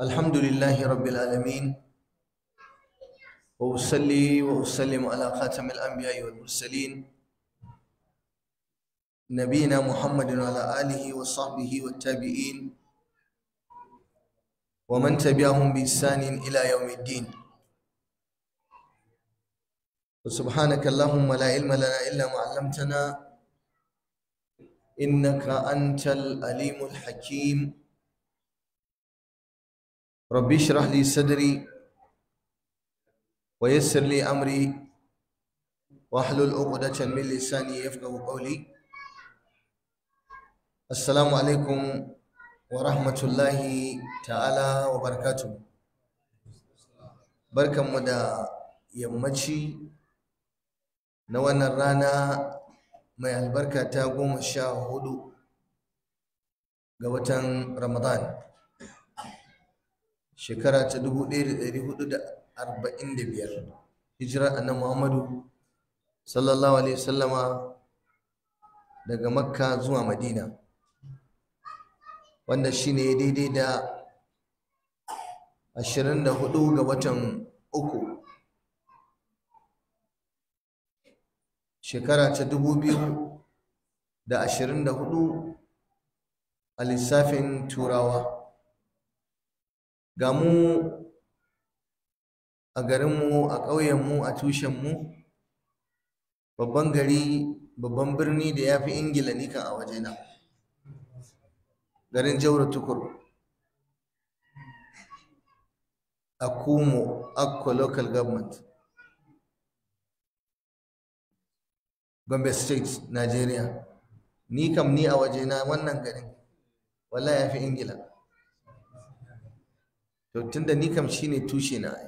الحمد لله رب العالمين وأصلي وأسلم على خاتم الأنبياء والمرسلين نبينا محمد وعلى آله وصحبه والتابعين ومن تبعهم بإحسان إلى يوم الدين سبحانك اللهم لا علم لنا إلا ما علمتنا إنك أنت الأليم الحكيم rabbi shrah li sadri wa yassir li amri wahlul uqdatan min lisani yafqahu qawli assalamu alaikum wa rahmatullahi ta'ala wa barakatuh barkanmu da yammaci na wannan rana mai albarka ta goma sha hudu ga watan ramadan shekara ta 1445 hijira nan Muhammadu sallallahu alaihi wasallama daga Makka zuwa Madina wanda shi ya daidai da 24 ga watan uku shekara ta 2024 a lissafin turawa ga mu a garinmu a ƙauyenmu a tushenmu babban gari babban birni da ya fi ingila nika a wajena garin jaura tukur a kumo akko local government gombe state nigeria ni kam ni a wajena wannan garin wallahi ya fi ingila to da ni kam shine tushe na ai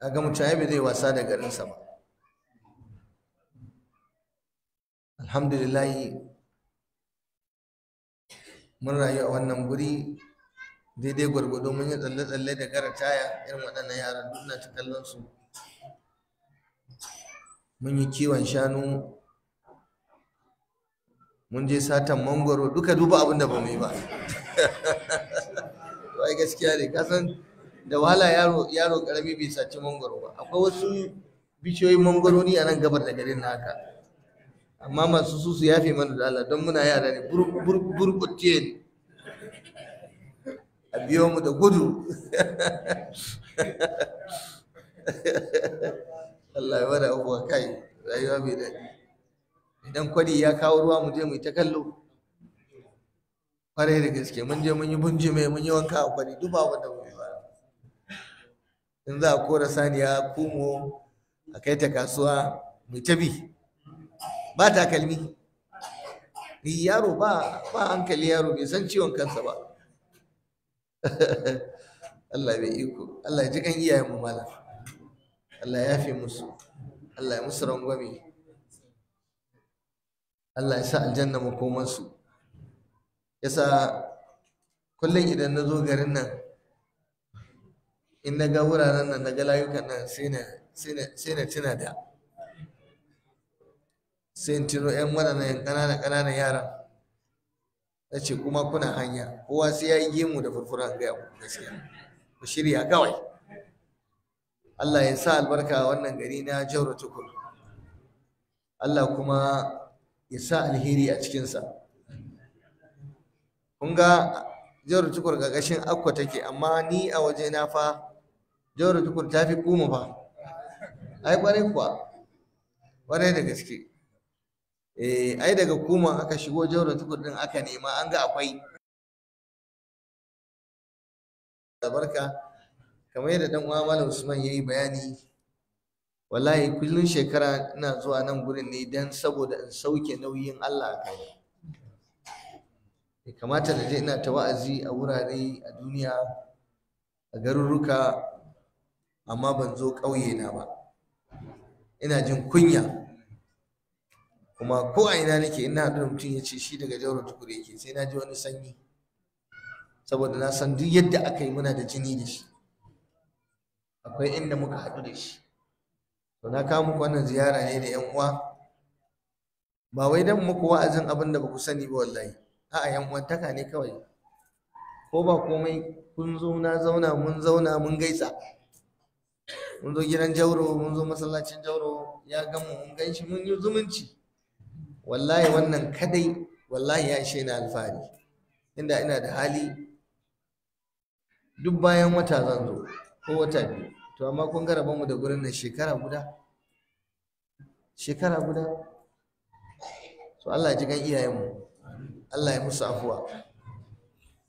a ga mutane ba zai wasa da garinsa ba alhamdulillahi mun rayu a wannan guri daidai gwargwado mun yi tsalle-tsalle da gara taya irin waɗannan yaran duna ta kallon mun yi kiwon shanu mun je satan mangoro duka duba abinda da ba mu yi ba ai gaskiya ne kasan da wahala yaro yaro karami bai saci mangoro ba akwai wasu bishiyoyin ni a nan gabar da garin na haka amma masu su su yafe mana da Allah don muna yara ne burbutiye ne a biyo mu da gudu Allah ya bada abuwa kai rayuwa mai daɗi idan kwadi ya kawo ruwa mu je mu ta kallo kwarai da gaske mun je mun yi bunjime mun yi wanka a kwari duk ba wanda mun yi ba in za a kora saniya kumo a kai ta kasuwa mai ta bi ba takalmi yaro ba ba hankali yaro bai san ciwon kansa ba Allah bai iko Allah ji kan iyayen mu mala Allah ya fi musu Allah ya musu rangwame Allah ya sa aljanna makomansu yasa kullum idan na zo garin nan in na ga wuraren nan na ga layukan nan sai na tuna da sai in tuno 'yan waɗannan 'yan ƙanana yaran na ce kuma kuna hanya kowa sai ya yi gemu da furfura ga yaku gaskiya ku shirya kawai Allah ya sa albarka a wannan gari na jauro tukur Allah kuma ya sa alheri a cikinsa. kun ga jihar tukur gagashin akwa take amma ni a waje na fa jawar tukur ta fi kuma fa ai kwarai kuwa kwarai da gaske eh ai daga kuma aka shigo jawar tukur din aka nema an ga akwai barka kamar yadda dan uwa malam usman yayi bayani wallahi kullun shekara ina zuwa nan gurin ne dan saboda in sauke nauyin Allah a kai ya kamata na je ina ta wa'azi a wurare a duniya a garuruka amma ban zo ƙauye na ba ina jin kunya kuma ko a ina nake ina da mutum ya ce shi daga jawar tukur yake sai na ji wani sanyi saboda na san duk yadda aka yi muna da jini da shi akwai inda muka haɗu da shi to na kawo muku wannan ziyara ne da yan uwa ba wai dan muku wa'azin abin da ba ku sani ba wallahi a'a yan uwantaka ne kawai ko ba komai kun zo na zauna mun zauna mun gaisa mun zo gidan jauro mun zo masallacin jauro ya gamu mun ganshi mun yi zumunci wallahi wannan kadai wallahi ya ishe na alfahari inda ina da hali duk bayan wata zan zo ko wata biyu to amma kun gara mu da gurin nan shekara guda shekara guda to Allah ji gan iyayenmu Allah ya musu afuwa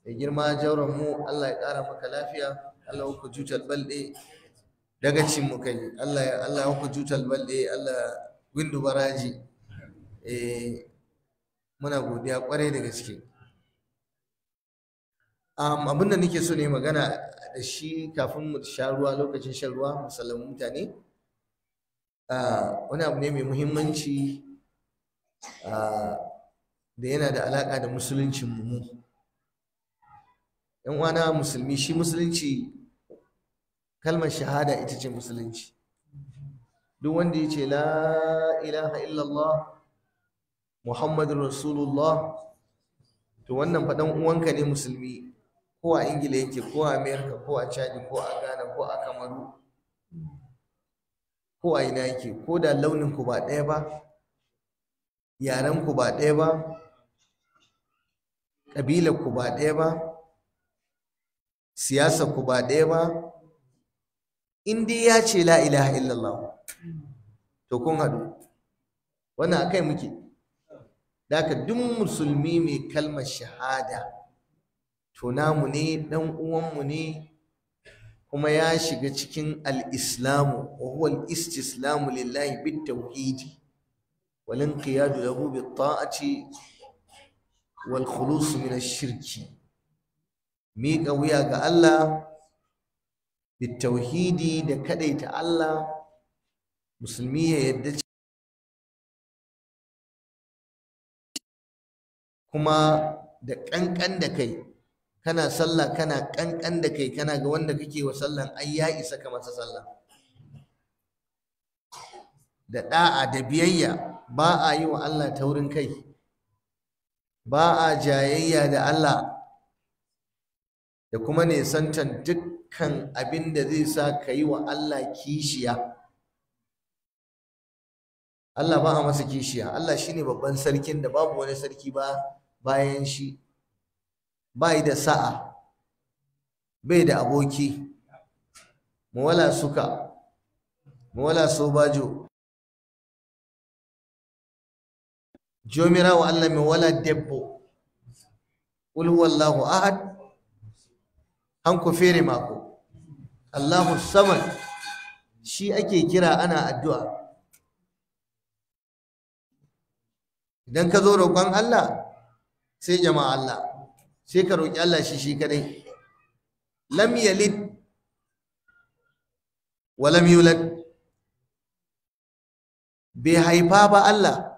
ya girma jauran mu Allah ya ƙara maka lafiya Allah ku jutal balde dagacin mu kai Allah ya Allah ku jutal balde Allah windu baraji eh muna godiya kwarai da gaske um, abin da nake so ne magana da shi kafin mu sha ruwa lokacin shan ruwa musallamin mutane uh, wani abu ne mai muhimmanci uh, da yana da alaƙa da musuluncin mu yan uwana musulmi shi musulunci kalmar shahada ita ce musulunci duk wanda ya ce la ilaha illallah Muhammadu rasulullah to wannan faɗan uwanka ne musulmi ko a ingila yake ko a amerika ko a chadi ko a ghana ko a kamaru ko a ina yake ko da launinku ba ɗaya ba yaren ku ba ɗaya ba ƙabilar ku ba ɗaya ba siyasar ku ba ɗaya ba in dai ya ce la ilaha illallah to kun haɗu wannan akai muke da duk musulmi mai kalmar shahada to namu ne ɗan uwanmu ne kuma ya shiga cikin al-islamu wa huwa istislamu lillahi bit tauhidi wal inqiyadu lahu bit ta'ati wal khulus min ash-shirki miƙa wuya ga Allah bitauhidi da kadaita Allah musulmi ya yadda kuma da ƙanƙan da kai kana sallah kana ƙanƙan da kai kana ga wanda kake wa sallan ai isa ka masa sallah da ɗa'a da biyayya ba a yi wa Allah taurin kai ba a jayayya da Allah da kuma nisantar dukkan abin da zai sa ka yi wa Allah kishiya Allah ba a masa kishiya Allah shi ne babban sarkin da babu wani sarki ba bayan shi yi da sa'a bai da aboki wala suka so bajo. Jomirawa allah mi wala debbo qul huwallahu ahad hanko fere mako allahu samad shi ake kira ana addu'a idan ka zo roƙon allah sai jama'a allah sai ka roƙi allah shi shi kadai lam yalid wa lam yulad bai haifa ba allah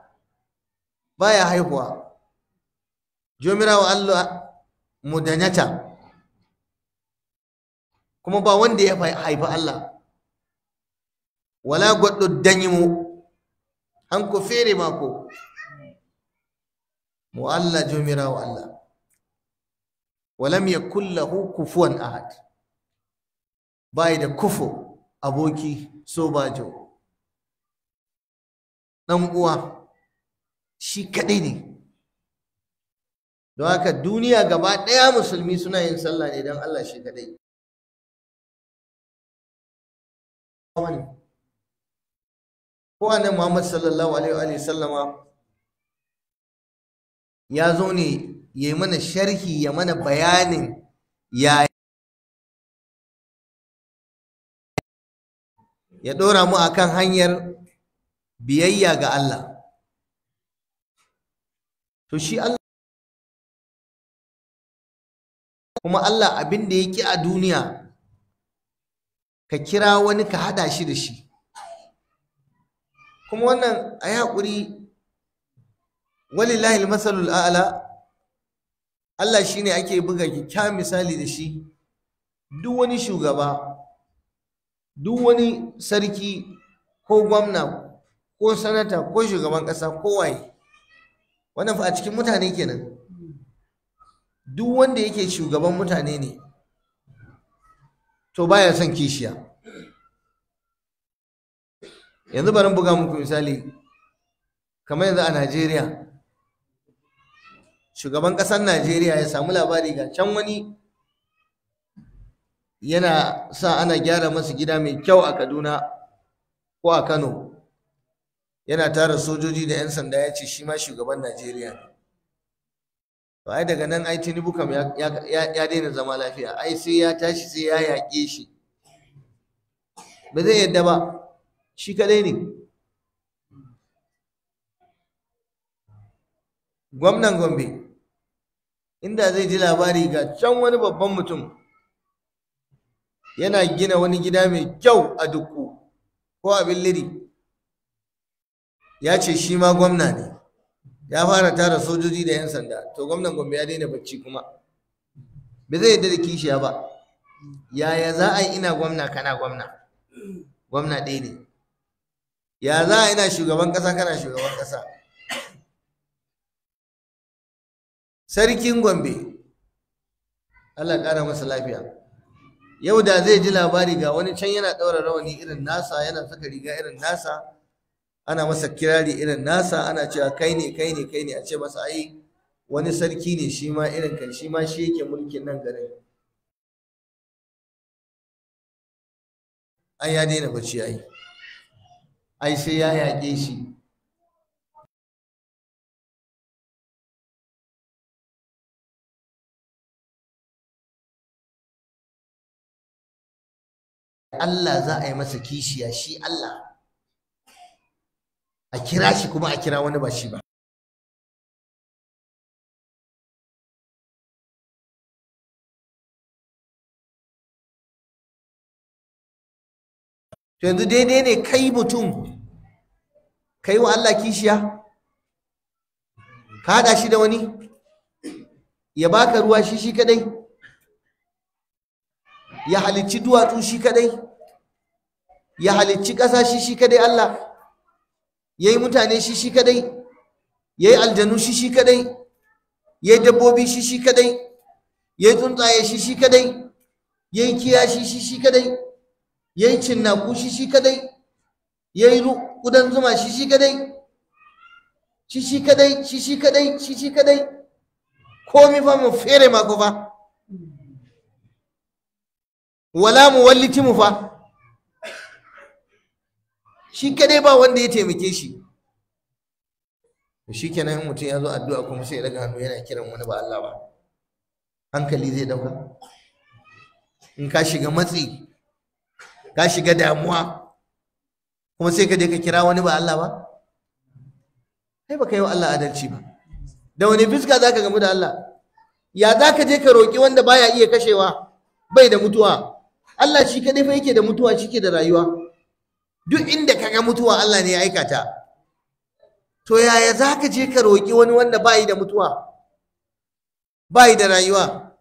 baya haihuwa jomirawa Allah danyata. kuma ba wanda ya haifi Allah wala danyi mu hanko fere mako mu Allah jomirawa Allah walam ya lahu kufuwan ahad bai da kufu aboki sobajo Ɗan uwa shi kaɗai ne don haka duniya gaba ɗaya musulmi suna yin sallah ne don Allah shi kaɗai ko annabi Muhammad sallallahu alaihi wa sallama ya zo ne ya yi mana sharhi ya mana bayanin ya ya ɗora mu akan hanyar biyayya ga Allah to shi Allah kuma Allah abin da ya ki a duniya ka kira wani ka hada shi da shi kuma wannan a hakuri haƙuri walillahi masalul a'la Allah shine ake buga kyakkyawan misali da shi duk wani shugaba duk wani sarki ko gwamna ko sanata ko shugaban ƙasa ko waye wannan fa a cikin mutane kenan duk wanda yake shugaban mutane ne to baya son kishiya yanzu bari buga muku misali kamar yanzu a Najeriya shugaban ƙasar Najeriya ya samu labari ga can wani yana sa ana gyara masa gida mai kyau a Kaduna ko a Kano yana tara sojoji da 'yan sanda ya ce shi ma shugaban najeriya ne ai daga nan ai tinubu kam ya daina zama lafiya ai sai ya tashi sai ya yaƙe shi ba zai yadda ba shi kadai ne gwamnan gombe inda zai ji labari ga can wani babban mutum yana gina wani gida mai kyau a dukku ko abin liri ya ce shi ma gwamna ne ya fara tara sojoji da 'yan sanda to gwamnan gombe ya daina bacci kuma ba zai yadda da kishiya ba yaya za a yi ina gwamna kana gwamna gwamna ɗaya ne ya za a ina shugaban ƙasa kana shugaban ƙasa sarkin gombe allah ƙara masa lafiya yau da zai ji labari ga wani can yana ɗaura rawani irin nasa yana saka riga irin nasa ana masa kirari irin nasa ana cewa kai ne kai ne kai ne a ce masa ai wani sarki ne shi ma irin kan shi ma shi yake mulkin nan garin ai ya daina bacci ai ai sai ya yaƙe shi Allah za a yi masa kishiya shi Allah a kira shi kuma a kira wani ba shi ba to yanzu daidai ne kai mutum kai wa Allah kishiya ka haɗa shi da wani ya baka ruwa shi shi kadai ya halicci duwatsu shi kadai ya halicci ƙasa shi shi kadai Allah ya yi mutane shi shi kadai ya yi aljanu shi shi kadai ya yi dabbobi shi shi kadai ya yi tsuntsaye shi shi kadai ya yi shi shi shi kadai ya yi cinnaku shi shi kadai ya yi ƙudan zuma shi shi kadai shi shi kadai shi shi kadai shi shi kadai komi fa mu fere mako fa wala mu walliti mu fa shi kadai ba wanda ya taimake shi shi kenan mutum ya zo addu'a kuma sai ya daga hannu yana kiran wani ba Allah ba hankali zai dauka in ka shiga matsi ka shiga damuwa kuma sai ka je ka kira wani ba Allah ba kai baka yi wa Allah adalci ba da wani fiska zaka gamu da Allah ya zaka je ka roki wanda baya iya kashewa bai da mutuwa Allah shi kadai fa yake da mutuwa shi ke da rayuwa duk inda ka ga mutuwa Allah ne ya aikata to yaya za ka je ka roƙi wani wanda bayi da mutuwa bayi da rayuwa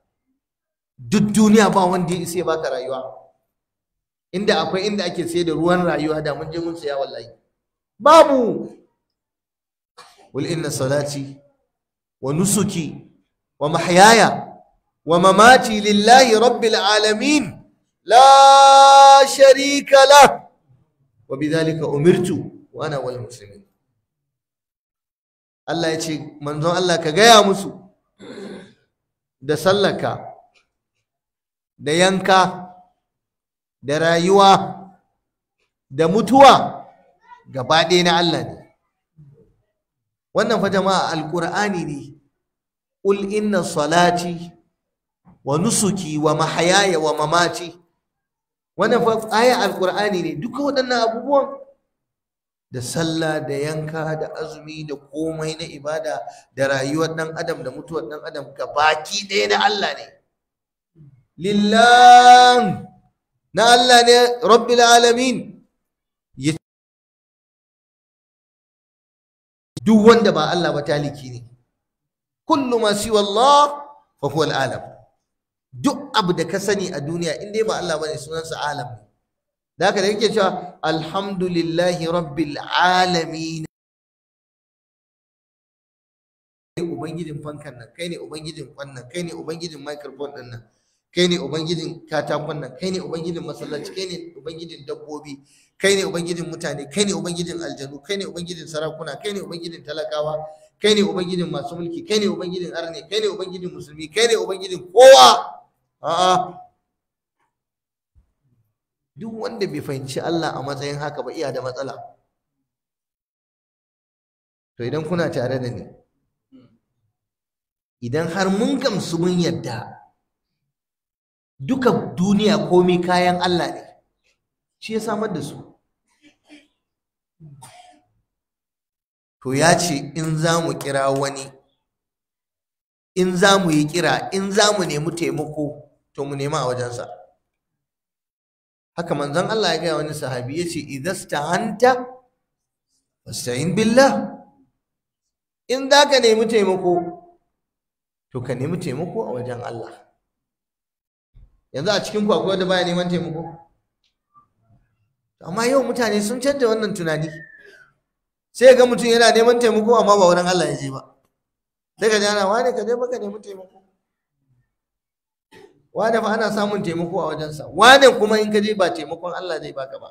duk duniya ba wanda ya isa baka rayuwa inda akwai inda ake sayar da ruwan rayuwa da mun je mun saya wallahi babu qul inna salati wa nusuki wa mahyaya wa mamati lillahi rabbil alamin la sharika wa bidhalika umirtu wa ana wal muslimin Allah ya ce manzon Allah ka gaya musu da sallaka da yanka da rayuwa da mutuwa gaba ɗaya na Allah ne wannan fa jama'a alkur'ani ne qul inna salati wa nusuki wa mahayaya wa mamati wannan fa aya alqur'ani ne duka waɗannan abubuwan da sallah da yanka da azumi da komai na ibada da rayuwar dan adam da mutuwar dan adam ga baki ɗaya na Allah ne lillah na Allah ne rabbil alamin duk wanda ba Allah ba taliki ne kullu ma siwa Allah fa huwa al-alam duk abu da ka sani a duniya in dai ba Allah bane sunansa alam da haka da yake cewa alhamdulillahi rabbil alamin ubangijin fankan nan kai ne ubangijin kwannan kai ne ubangijin microphone din nan kai ne ubangijin katakon nan kai ne ubangijin masallaci kai ne ubangijin dabbobi kai ne ubangijin mutane kai ne ubangijin aljanu kai ne ubangijin sarakuna kai ne ubangijin talakawa kai ne ubangijin masu mulki kai ne ubangijin arne kai ne ubangijin musulmi kai ne ubangijin kowa a'a duk wanda bai fahimci Allah a matsayin haka ba iya da matsala to idan kuna tare da ni idan har mun gamsu mun yadda duka duniya komai kayan Allah ne shi ya samar da su to ya ce in za mu kira wani in za mu yi kira in za mu nemi taimako to mu nema a wajensa haka manzon Allah ya gaya wani sahabi ya ce idastahanta fasta'in billah in za ka nemi taimako to ka nemi taimako a wajen Allah yanzu a cikin akwai wanda baya neman taimako amma yau mutane sun canza wannan tunani sai ga mutum yana neman taimako amma ba wurin Allah ya je ba sai ka ji ana wane ka je ka nemi taimako wane fa ana samun taimako a wajensa wane kuma in ka je ba taimakon Allah zai baka ba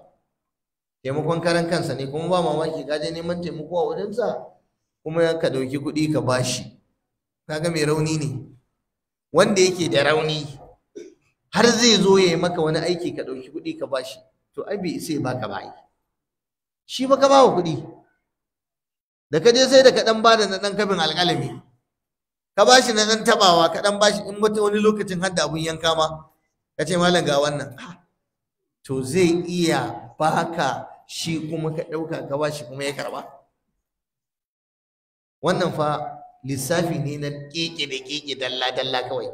taimakon karan kansa ne kuma ba mamaki ka je neman taimako a wajensa kuma ka ɗauki kuɗi ka bashi kaga mai rauni ne wanda yake da rauni har zai zo ya yi maka wani aiki ka ɗauki kuɗi ka bashi to ai bai sai baka ba shi ba ka kuɗi da ka je sai da ka ɗan bada na ɗan kafin alƙalami ka ba shi na ɗan tabawa ka dan ba shi in mutum wani lokacin har da abun yanka ma ka ce malam ga wannan to zai iya baka shi kuma ka ɗauka ka ba shi kuma ya karba wannan fa lissafi ne na keke da keke dalla dalla kawai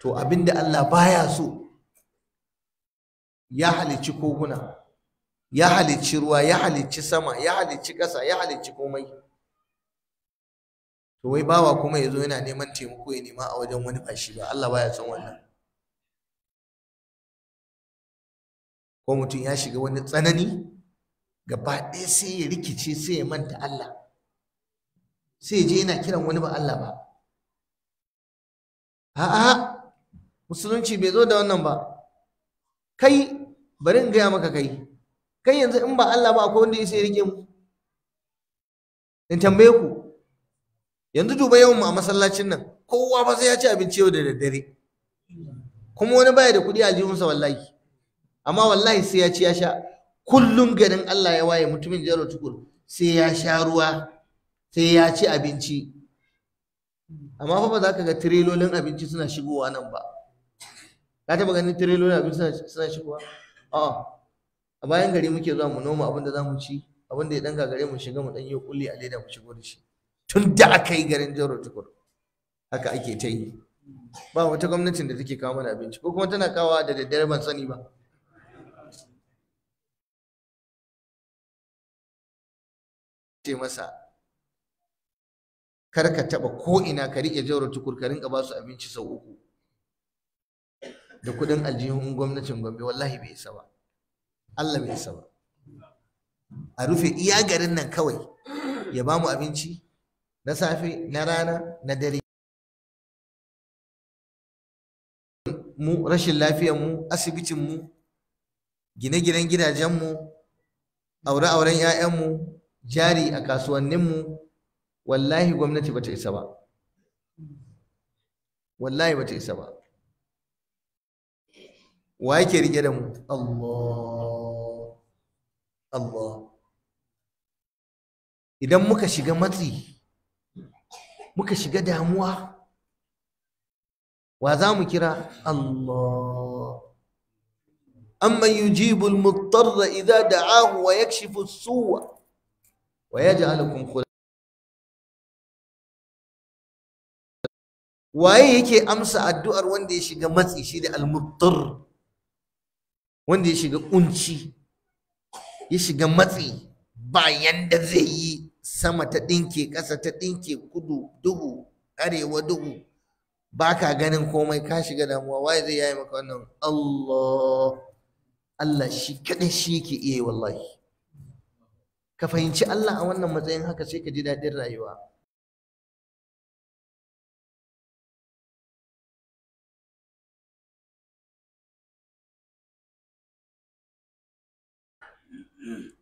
to abinda Allah baya so ya halicci koguna ya halicci ruwa ya halicci sama ya halicci ƙasa ya halicci komai to wai bawa kuma ya zo yana neman taimako ya nema a wajen wani fashi ba Allah baya son wannan ko mutum ya shiga wani tsanani gaba ɗaya sai ya rikice sai ya manta Allah sai je yana kiran wani ba Allah ba a'a musulunci bai zo da wannan ba kai bari in gaya maka kai kai yanzu in ba Allah ba akwai wanda ya sai rike mu in tambaye ku yanzu duba yawan a masallacin nan kowa ba sai ya ci abinci yau da daddare kuma wani baya da kuɗi a jihunsa wallahi amma wallahi sai ya ci ya sha kullum garin Allah ya waye mutumin jaro tukur sai ya sha ruwa sai ya ci abinci amma fa ba za ka ga tirelolin abinci suna shigowa nan ba ka taɓa ganin tirelolin abinci suna shigowa a'a a bayan gari muke zuwa mu noma abin da za mu ci abin da ya ɗan gare mu shiga mu ɗan yi kulli a leda mu shigo da shi tun da aka yi garin jaro tukur haka ake ta yi ba wata gwamnatin da take kawo mana abinci ko kuma tana kawo da daddare ban sani ba ce masa kar ka taba ko ina ka riƙe jaro tukur ka rinka ba su abinci sau uku da kuɗin aljihun gwamnatin Gombe wallahi bai isa ba Allah bai isa ba a rufe iya garin nan kawai ya bamu abinci na safe na rana na dare mu rashin lafiyar mu asibitin mu gine-ginen gidajen mu aure-auren 'ya'yan mu jari a kasuwannin mu wallahi gwamnati bata isa ba wallahi bata isa ba wa yake rike da mu Allah Allah idan muka shiga matsi muka shiga damuwa wa za mu kira Allah amman yujibu al-muttarra idza da'ahu wa yakshifu as-su'a wa yaj'alukum khulafa waye yake amsa addu'ar wanda ya shiga matsi shi da al wanda ya shiga kunci ya shiga matsi bayan da zai yi sama ta ɗinke ƙasa ta ɗinke kudu duhu arewa duhu ba ka ganin komai ka shiga damuwa waye zai yayi maka wannan Allah Allah shi kaɗai shi yake iya yi wallahi ka fahimci Allah a wannan matsayin haka sai ka ji daɗin rayuwa Mm-hmm.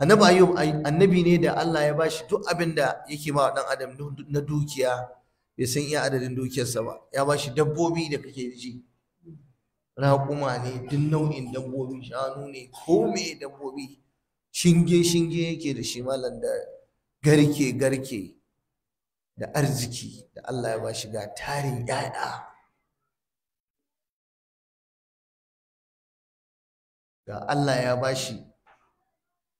annabi ayub annabi ne da Allah ya bashi duk abin da yake ba dan adam na dukiya bai san iya adadin dukiyarsa ba ya bashi dabbobi da kake ji raƙuma ne duk nau'in dabbobi shanu ne ko me dabbobi shinge shinge yake da shi malam da garke garke da arziki da Allah ya bashi ga tarin 'ya'ya ga Allah ya bashi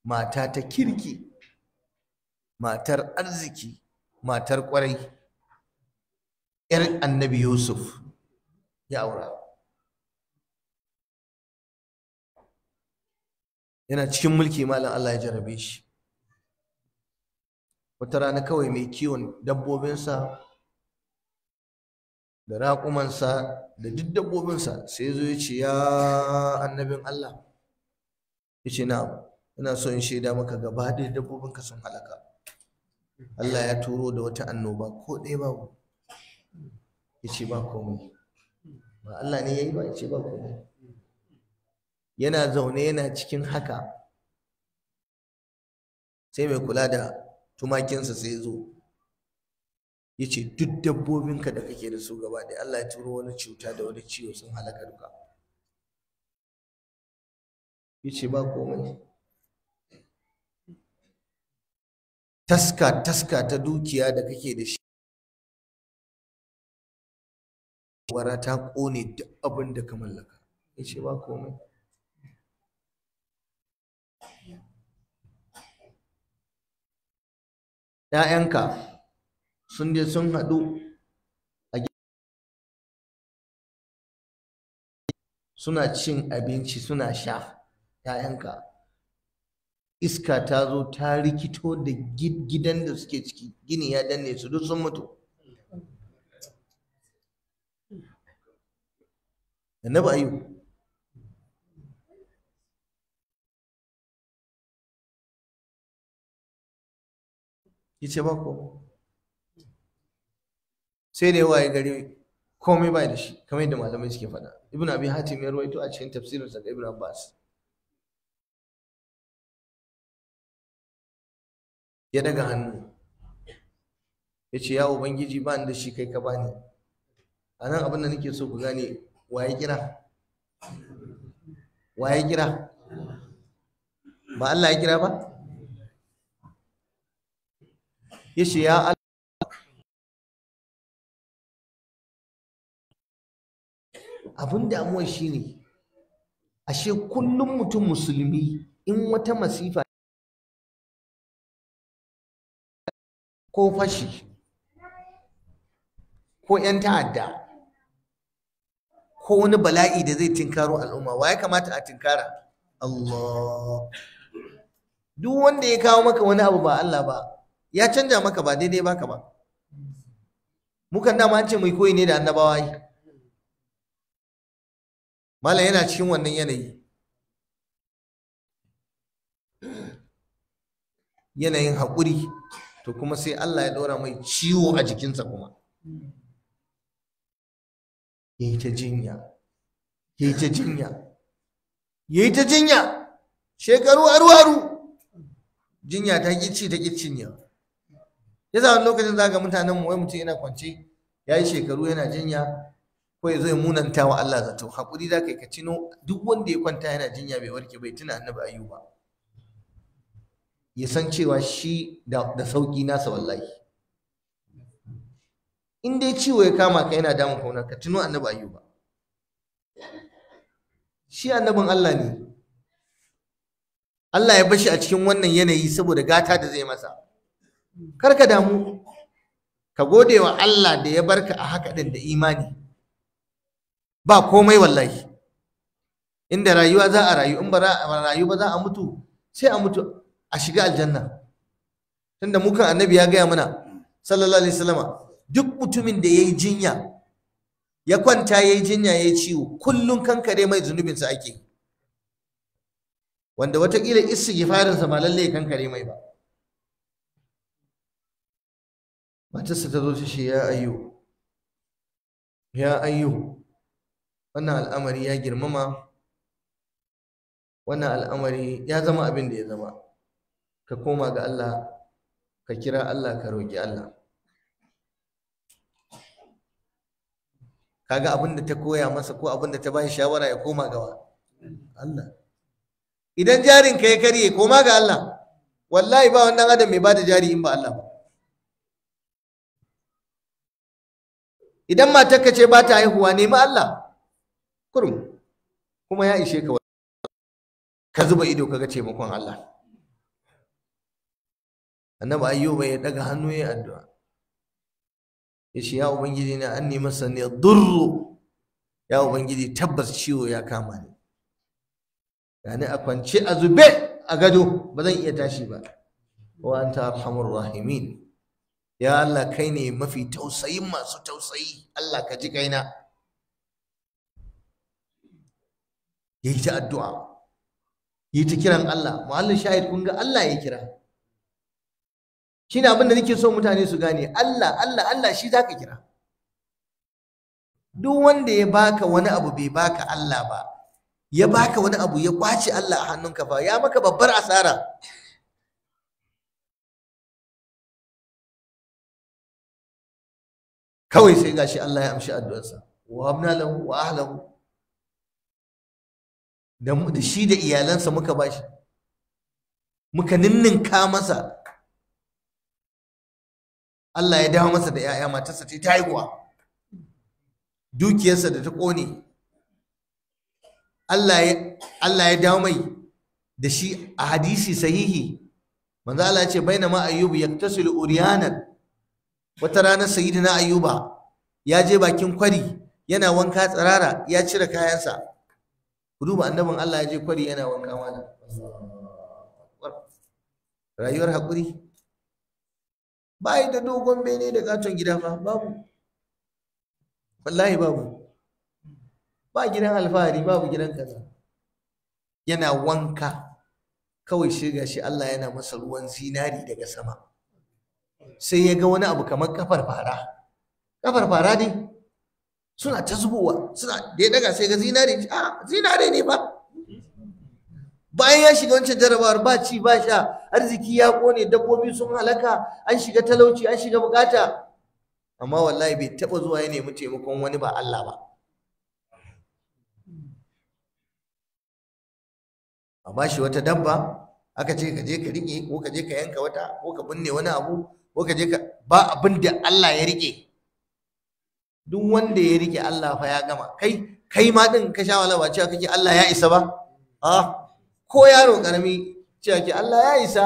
mata ta kirki matar arziki matar kwarai ‘yar annabi Yusuf ya aura. Yana cikin mulki malam Allah ya jarabe shi. Wata rana kawai mai kiwon dabbobinsa da raƙumansa da duk dabbobinsa sai zo ya ce ya annabin Allah. Ya ce na'am. ina so in shaida maka gaba ɗaya dabbobinka sun halaka Allah ya turo da wata annoba ko ɗaya babu ya ce ba komai ba Allah ne ya yi ba ya ce ba komai yana zaune yana cikin haka sai mai kula da tumakinsa sai zo ya ce duk dabbobinka da kake da su gaba ɗaya Allah ya turo wani cuta da wani ciwo sun halaka duka ya ce ba komai taska taska ta dukiya da kake da shi wara ta kone duk abin da ka mallaka ya ce ba komai ‘ya'yanka sun je sun haɗu a suna cin abinci suna sha ‘ya'yanka iska ta zo ta rikito da gidan da suke ciki gini ya danne su duk sun mutu annabi ayyu yace ba ko sai da waye gari komai bai da shi kamar yadda malamai suke faɗa ibnu abi hatim ya ruwaito a cikin tafsirinsa ga ibnu abbas ya daga oh. hannu ya ce ya ubangiji ba da shi kai ka bani a nan abin da nake so ku gane waye kira waye kira ba Allah ya kira ba ya ce ya Allah abin damuwar shi ne ashe kullum mutum musulmi in wata masifa ko fashi ko 'yan ta'adda ko wani bala'i da zai tinkaro al'umma wa ya kamata a tinkara Allah duk wanda ya kawo maka wani abu ba Allah ba ya canja maka ba daidai baka ba mukan dama an ce mai koyi ne da annabawa yi malam yana cikin wannan yanayi yanayin haƙuri to kuma sai Allah ya ɗora mai ciwo a jikinsa kuma yayi ta jinya yayi ta jinya yayi ta jinya shekaru aru-aru jinya ta ƙi ta ƙi cinya Ya wani lokacin za ga mutanen mu wai mutum yana kwance ya yi shekaru yana jinya ko ya zo munanta wa Allah zato haƙuri za ka yi ka duk wanda ya kwanta yana jinya bai warke bai tuna annabi ayyuba ya san cewa shi da sauƙi nasa wallahi in dai ciwo ya kama ka yana damun kaunar ka tuno annabi ayyuba shi annabin Allah ne Allah ya bashi a cikin wannan yanayi saboda gata da zai masa kar ka damu ka gode wa Allah da ya barka a haka din da imani ba komai wallahi inda rayuwa za a rayu in ba rayu ba za a mutu sai a mutu a shiga aljanna tunda mukan annabi ya gaya mana sallallahu alaihi wasallama duk mutumin da yayi jinya ya kwanta yayi jinya yayi ciwo kullun kankare mai sa ake wanda watakila sa ba lalle kankare mai ba matarsa ta zo ta ce ya ayyo ya ayyo wannan al'amari ya girmama wannan al'amari ya zama abin da ya zama ka koma ga Allah ka kira Allah ka roƙi Allah kaga abin da ta koya masa ko abin da ta bashi shawara ya koma gawa Allah idan jarin ka ya karye koma ga Allah wallahi ba wannan adam mai bada jari in ba Allah ba idan matarka ce ba ta haihuwa nemi Allah kurum kuma ya ishe ka ka zuba ido kaga taimakon Allah annabi ayyuba ya daga hannu ya addu'a ya ce ya ubangiji na an nemi sani durru ya ubangiji tabbas ciwo ya kama ni gani a kwance a zube a gado ba zan iya tashi ba wa anta arhamur rahimin ya Allah kai ne mafi tausayin masu tausayi Allah ka ji kaina yi ta addu'a yi ta kiran Allah muhallin shahid kun ga Allah ya kira shine abin da nake so mutane su gane Allah Allah Allah shi zaka kira duk wanda ya baka wani abu bai baka Allah ba ya baka wani abu ya kwace Allah a hannunka ba, ya maka babbar asara kawai sai gashi Allah ya amshi addu'arsa wa abna lahu wa ahlahu da shi da iyalansa muka bashi muka ninninka masa Allah ya dawo masa da 'ya'ya matarsa ta ta haihuwa dukiyarsa da ta ƙone Allah ya dawo mai da shi a hadisi sahihi manzo Allah ya ce bai na ma ayyubu yaktasil uriyanan wata ranar na ayyuba ya je bakin kwari yana wanka tsirara ya cire kayansa ku duba annabin Allah ya je kwari yana wanka mana rayuwar haƙuri ba da dogon bene da katon gida ba babu wallahi babu ba gidan alfahari babu gidan kaza yana wanka kawai shiga shi Allah yana masa ruwan zinari daga sama sai ya ga wani abu kamar kafar fara kafar fara ne suna ta zubowa suna da ya daga sai ga zinari a ah, zinari ne ba bayan ya shiga wancan jarabawar ba ci ba sha arziki ya kone dabbobi sun halaka an shiga talauci an shiga bukata amma wallahi bai taba zuwa ya nemi taimakon wani ba Allah ba a bashi wata dabba aka ce ka je ka rike ko ka je ka yanka wata ko ka binne wani abu ko ka je ka ba abin da Allah ya rike duk wanda ya rike Allah fa ya gama kai kai ma din ka sha wala ba cewa kake Allah ya isa ba a ah, ko yaro karami cewa ke Allah ya isa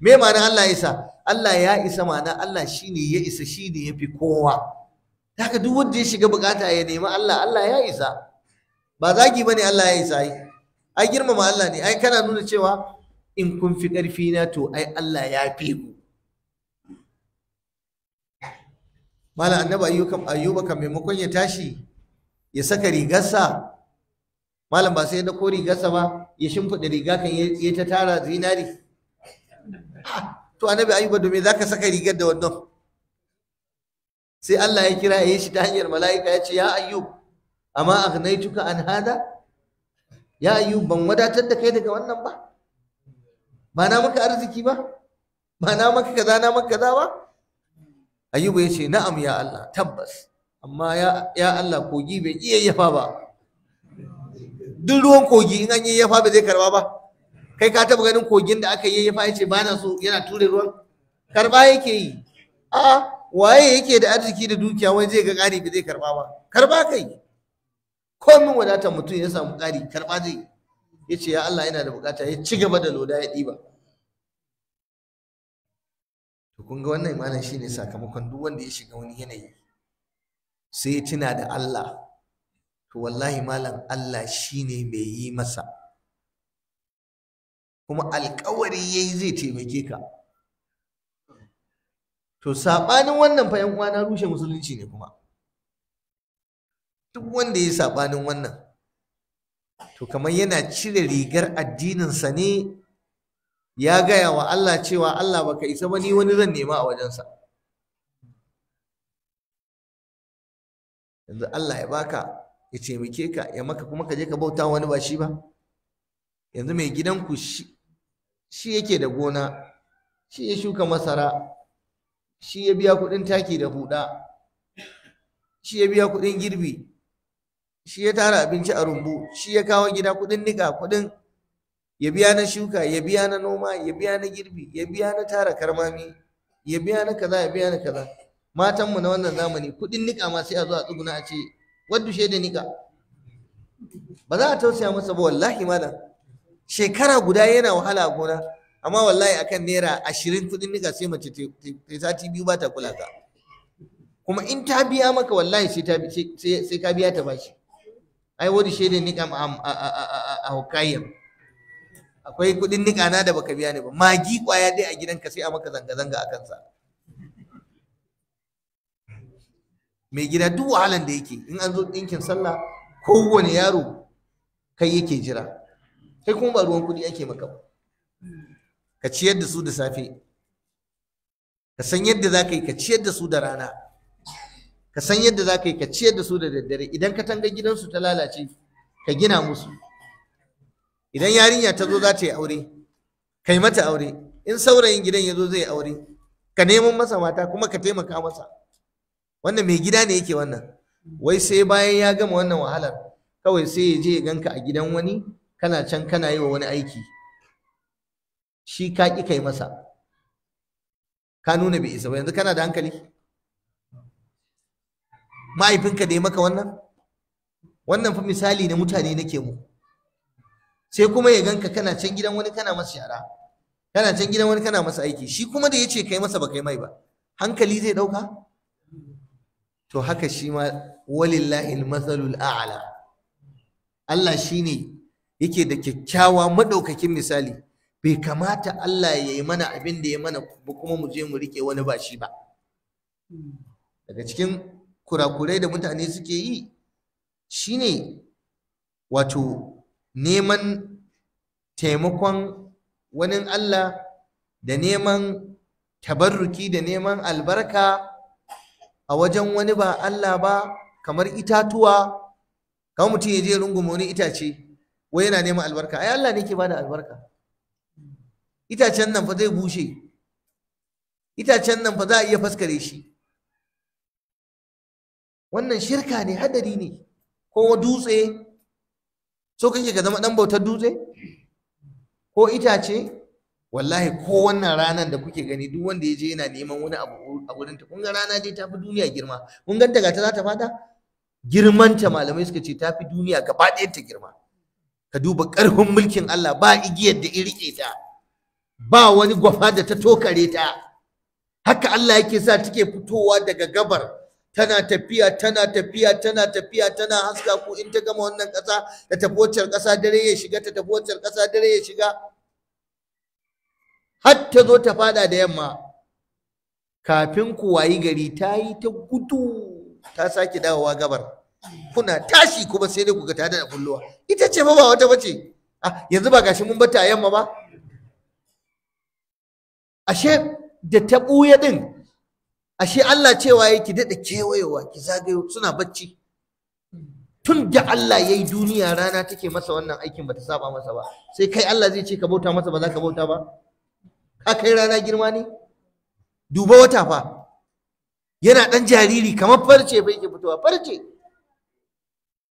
me ma'ana Allah ya isa Allah ya isa ma'ana Allah shi ne ya isa shi ne ya fi kowa haka duk wanda ya shiga bukata ya nemi Allah Allah ya isa ba zagi bane Allah ya isa ai girmama Allah ne ai kana nuna cewa in kun fi ƙarfi na to ai Allah ya fi ku Malam annabi ayyuba maimakon ya tashi ya saka rigarsa malam ba sai na ko rigarsa ba ya shimfiɗa riga kan ya ta tara zinari to annabi ayyuba domin za ka saka rigar da wannan sai Allah ya kira ya shi ta hanyar mala'ika ya ce ya ayyub amma tuka an hada ya ayyub ban wadatar da kai daga wannan ba ba na maka arziki ba ba na maka kaza na maka kaza ba ayyuba ya ce na'am ya Allah tabbas amma ya Allah kogi bai iya yafa ba duk ruwan kogi in an yi yafa ba zai karba ba kai ka taba ganin kogin da aka yi yafa ya ce so yana ture ruwan karba yake yi a waye yake da arziki da dukiya wani zai ga ƙari ba zai karba ba karba kai komin wadatar mutum ya samu ƙari karba zai ya ce ya Allah yana da bukata ya ci gaba da loda ya ɗiba to kun ga wannan imanin shine sakamakon duk wanda ya shiga wani yanayi sai ya da Allah to wallahi malam Allah shi ne mai yi masa kuma alkawari yi zai taimake ka to saɓanin wannan fa na rushe musulunci ne kuma duk wanda ya yi saɓanin wannan to kamar yana cire rigar addininsa ne ya gaya wa Allah cewa Allah baka isa ba ni wani zan nema a wajensa yanzu Allah ya baka ya taimake ka ya maka kuma ka je ka bauta wani ba shi ba yanzu mai gidanku shi yake da gona shi ya shuka masara shi ya biya kuɗin taki da huɗa shi ya biya kuɗin girbi shi ya tara abinci a rumbu shi ya kawo gida kuɗin niƙa kuɗin ya biya na shuka ya biya na noma ya biya na girbi ya biya na tara karmami ya biya na kaza ya biya na kaza matanmu na wannan zamani kuɗin niƙa ma sai a zo a tsuguna a ce wadda shaida nika ba za a tausaya masa ba wallahi mana. shekara guda yana wahala a gona amma wallahi akan naira ashirin kudin nika sai mace ta sati biyu ba ta kula ka kuma in ta biya maka wallahi sai ka biya ta bashi ai wadda shaida nika a hukayyar akwai kudin nika na da baka biya ne ba magi kwaya dai a gidanka sai a maka zanga-zanga a kansa mai gida duk wahalan da yake in an zo ɗinkin sallah kowane yaro kai yake jira kai kuma ba ruwan kuɗi ake maka ba ka ciyar da su da safe ka san yadda za ka yi ka ciyar da su da rana ka san yadda za ka yi ka ciyar da su da daddare idan ka tanga gidansu ta lalace ka gina musu idan yarinya ta zo za ta yi aure kai mata aure in saurayin gidan ya zo zai aure ka neman masa mata kuma ka taimaka masa wannan mai gida ne yake wannan wai sai bayan ya gama wannan wahalar kawai sai ya je ya ganka a gidan wani kana can kana yi wa wani aiki shi ka ƙi kai masa ka nuna bai isa ba yanzu kana da hankali mahaifinka da ya maka wannan wannan fa misali na mutane nake mu sai kuma ya ganka kana can gidan wani kana masa shara kana can gidan wani kana masa aiki shi kuma da ya ce kai masa ba kai mai ba hankali zai ɗauka to haka shi ma walillahi al-mathalul a'la Allah shine yake da kyakkyawa maɗaukakin misali bai kamata Allah ya yi mana abin da ya mana ba kuma mu je mu rike wani ba shi ba daga cikin kurakurai da mutane suke yi shine wato neman taimakon wani Allah da neman tabarruki da neman albarka a wajen wani ba Allah ba kamar itatuwa kamar mutum ya je rungume wani itace wai yana neman albarka ai Allah ne ke bada albarka itacen nan fa zai bushe itacen nan fa za a iya faskare shi wannan shirka ne hadari ne ko dutse so kake ka zama dan bautar dutse ko itace wallahi ko wannan ranar da kuke gani duk wanda ya je yana neman wani abu a wurin ta kun ga rana dai ta duniya girma kun ga daga ta za ta fada ta malamai suka ce tafi fi duniya gaba ɗaya ta girma ka duba karfin mulkin Allah ba igiyar da irike ta ba wani gwafa da ta tokare ta haka Allah yake sa take fitowa daga gabar tana tafiya tana tafiya tana tafiya tana haska ko in ta gama wannan ƙasa Da tafi kasa ƙasa dare ya shiga ta tafi ƙasa dare ya shiga har ta zo ta fada da yamma kafin ku wayi gari ta yi ta gudu ta sake dawowa gabar kuna tashi kuma sai dai ku ga ta da kulluwa ita ce fa ba wata bace ah yanzu ba gashi mun bata yamma ba ashe da ta buya din ashe Allah cewa yake dada kewayewa ki zagayo suna bacci tun da Allah ya yi duniya rana take masa wannan aikin ba bata saba masa ba sai kai Allah zai ce ka bauta masa ba za ka bauta ba a kai rana girma ne duba wata fa yana ɗan jariri kamar farce bai ke fitowa farce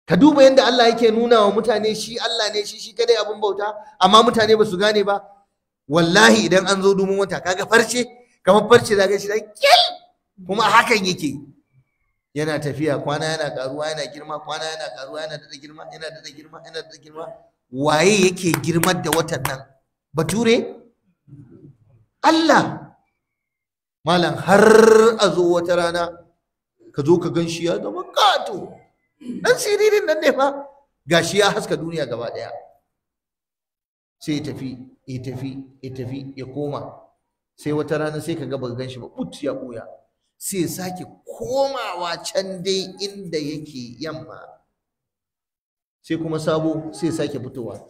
ka duba yadda Allah yake nuna wa mutane shi Allah ne shi shi kadai abin bauta amma mutane ba su gane ba wallahi idan an zo dumin wata kaga farce kamar farce da shi da kyal kuma hakan yake yana tafiya kwana yana karuwa yana girma kwana yana karuwa yana dada girma yana dada girma yana dada girma waye yake girmar da watan nan bature Allah malam har a zo wata rana ka zo ka gan shi ya zama kato dan siririn nan ne fa gashi ya haska duniya gaba ɗaya. sai ya tafi ya tafi ya tafi ya koma sai wata rana sai ka ga gan shi ba but ya buya sai ya sake komawa can dai inda yake yamma sai kuma sabo sai ya sake fitowa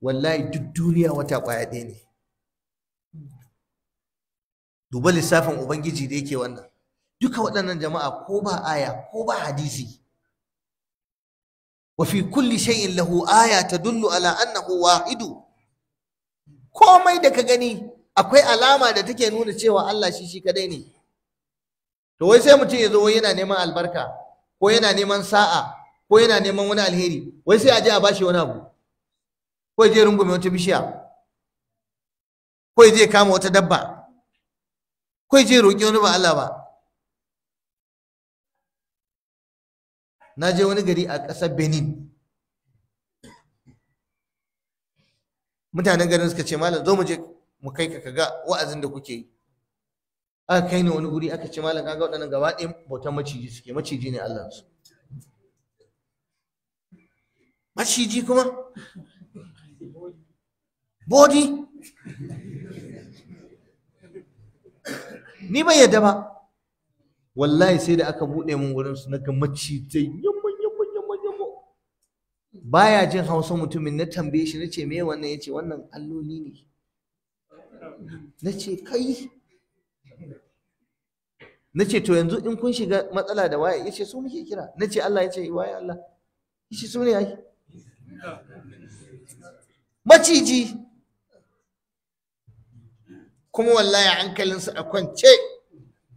wallahi duk duniya wata kwaya ɗaya ne duba lissafin ubangiji da yake wannan duka waɗannan jama'a ko ba aya ko ba hadisi wa fi kulli shay'in lahu aya tadullu ala annahu wahidu komai da ka gani akwai alama da take nuna cewa Allah shi shi kadai ne to wai sai mutum ya zo yana neman albarka ko yana neman sa'a ko yana neman wani alheri wai sai a je a bashi wani abu ko je rungume wata bishiya ko zai je kama wata dabba kai je roƙi wani ba Allah ba na je wani gari a ƙasar Benin mutanen garin suka ce malam zo mu je mu kai ka kaga wa'azin da kuke yi aka kai ni wani guri aka ce malam kaga waɗannan gaba ɗaya bautan maciji suke maciji ne Allah su maciji kuma body ni bai yadda ba wallahi sai da aka buɗe mun wurin su naga macizai yamma yamma yamma yamma baya jin hausa mutumin na tambaye shi nace me wannan yace wannan alloli ne nace kai nace to yanzu in kun shiga matsala da waya yace su muke kira nace Allah yace waya Allah yace su ne ai maciji kuma wallahi hankalinsu a kwance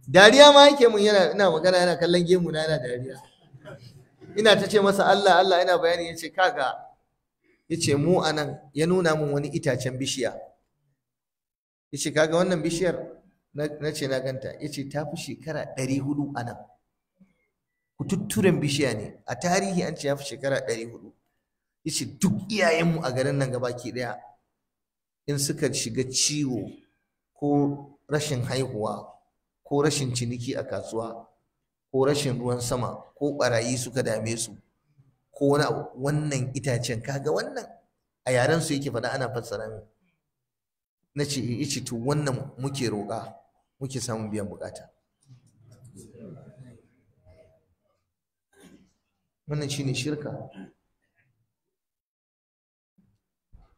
dariya ma yake mun yana ina magana yana kallon gemu na yana dariya ina ta ce masa Allah Allah ina bayani yace kaga yace mu anan ya nuna mun wani itacen bishiya yace kaga wannan bishiyar na ce na ganta yace ta fi shekara ɗari hudu anan kututturen bishiya ne a tarihi an ce ya fi shekara ɗari hudu yace duk iyayenmu a garin nan gaba ke ɗaya in suka shiga ciwo ko rashin haihuwa ko rashin ciniki a kasuwa ko rashin ruwan sama ko barayi suka dame su ko wani wannan itacen kaga wannan a yaren su yake faɗa ana fassara min na ce eh, ice to wannan muke roƙa muke samun biyan bukata wannan shine shirka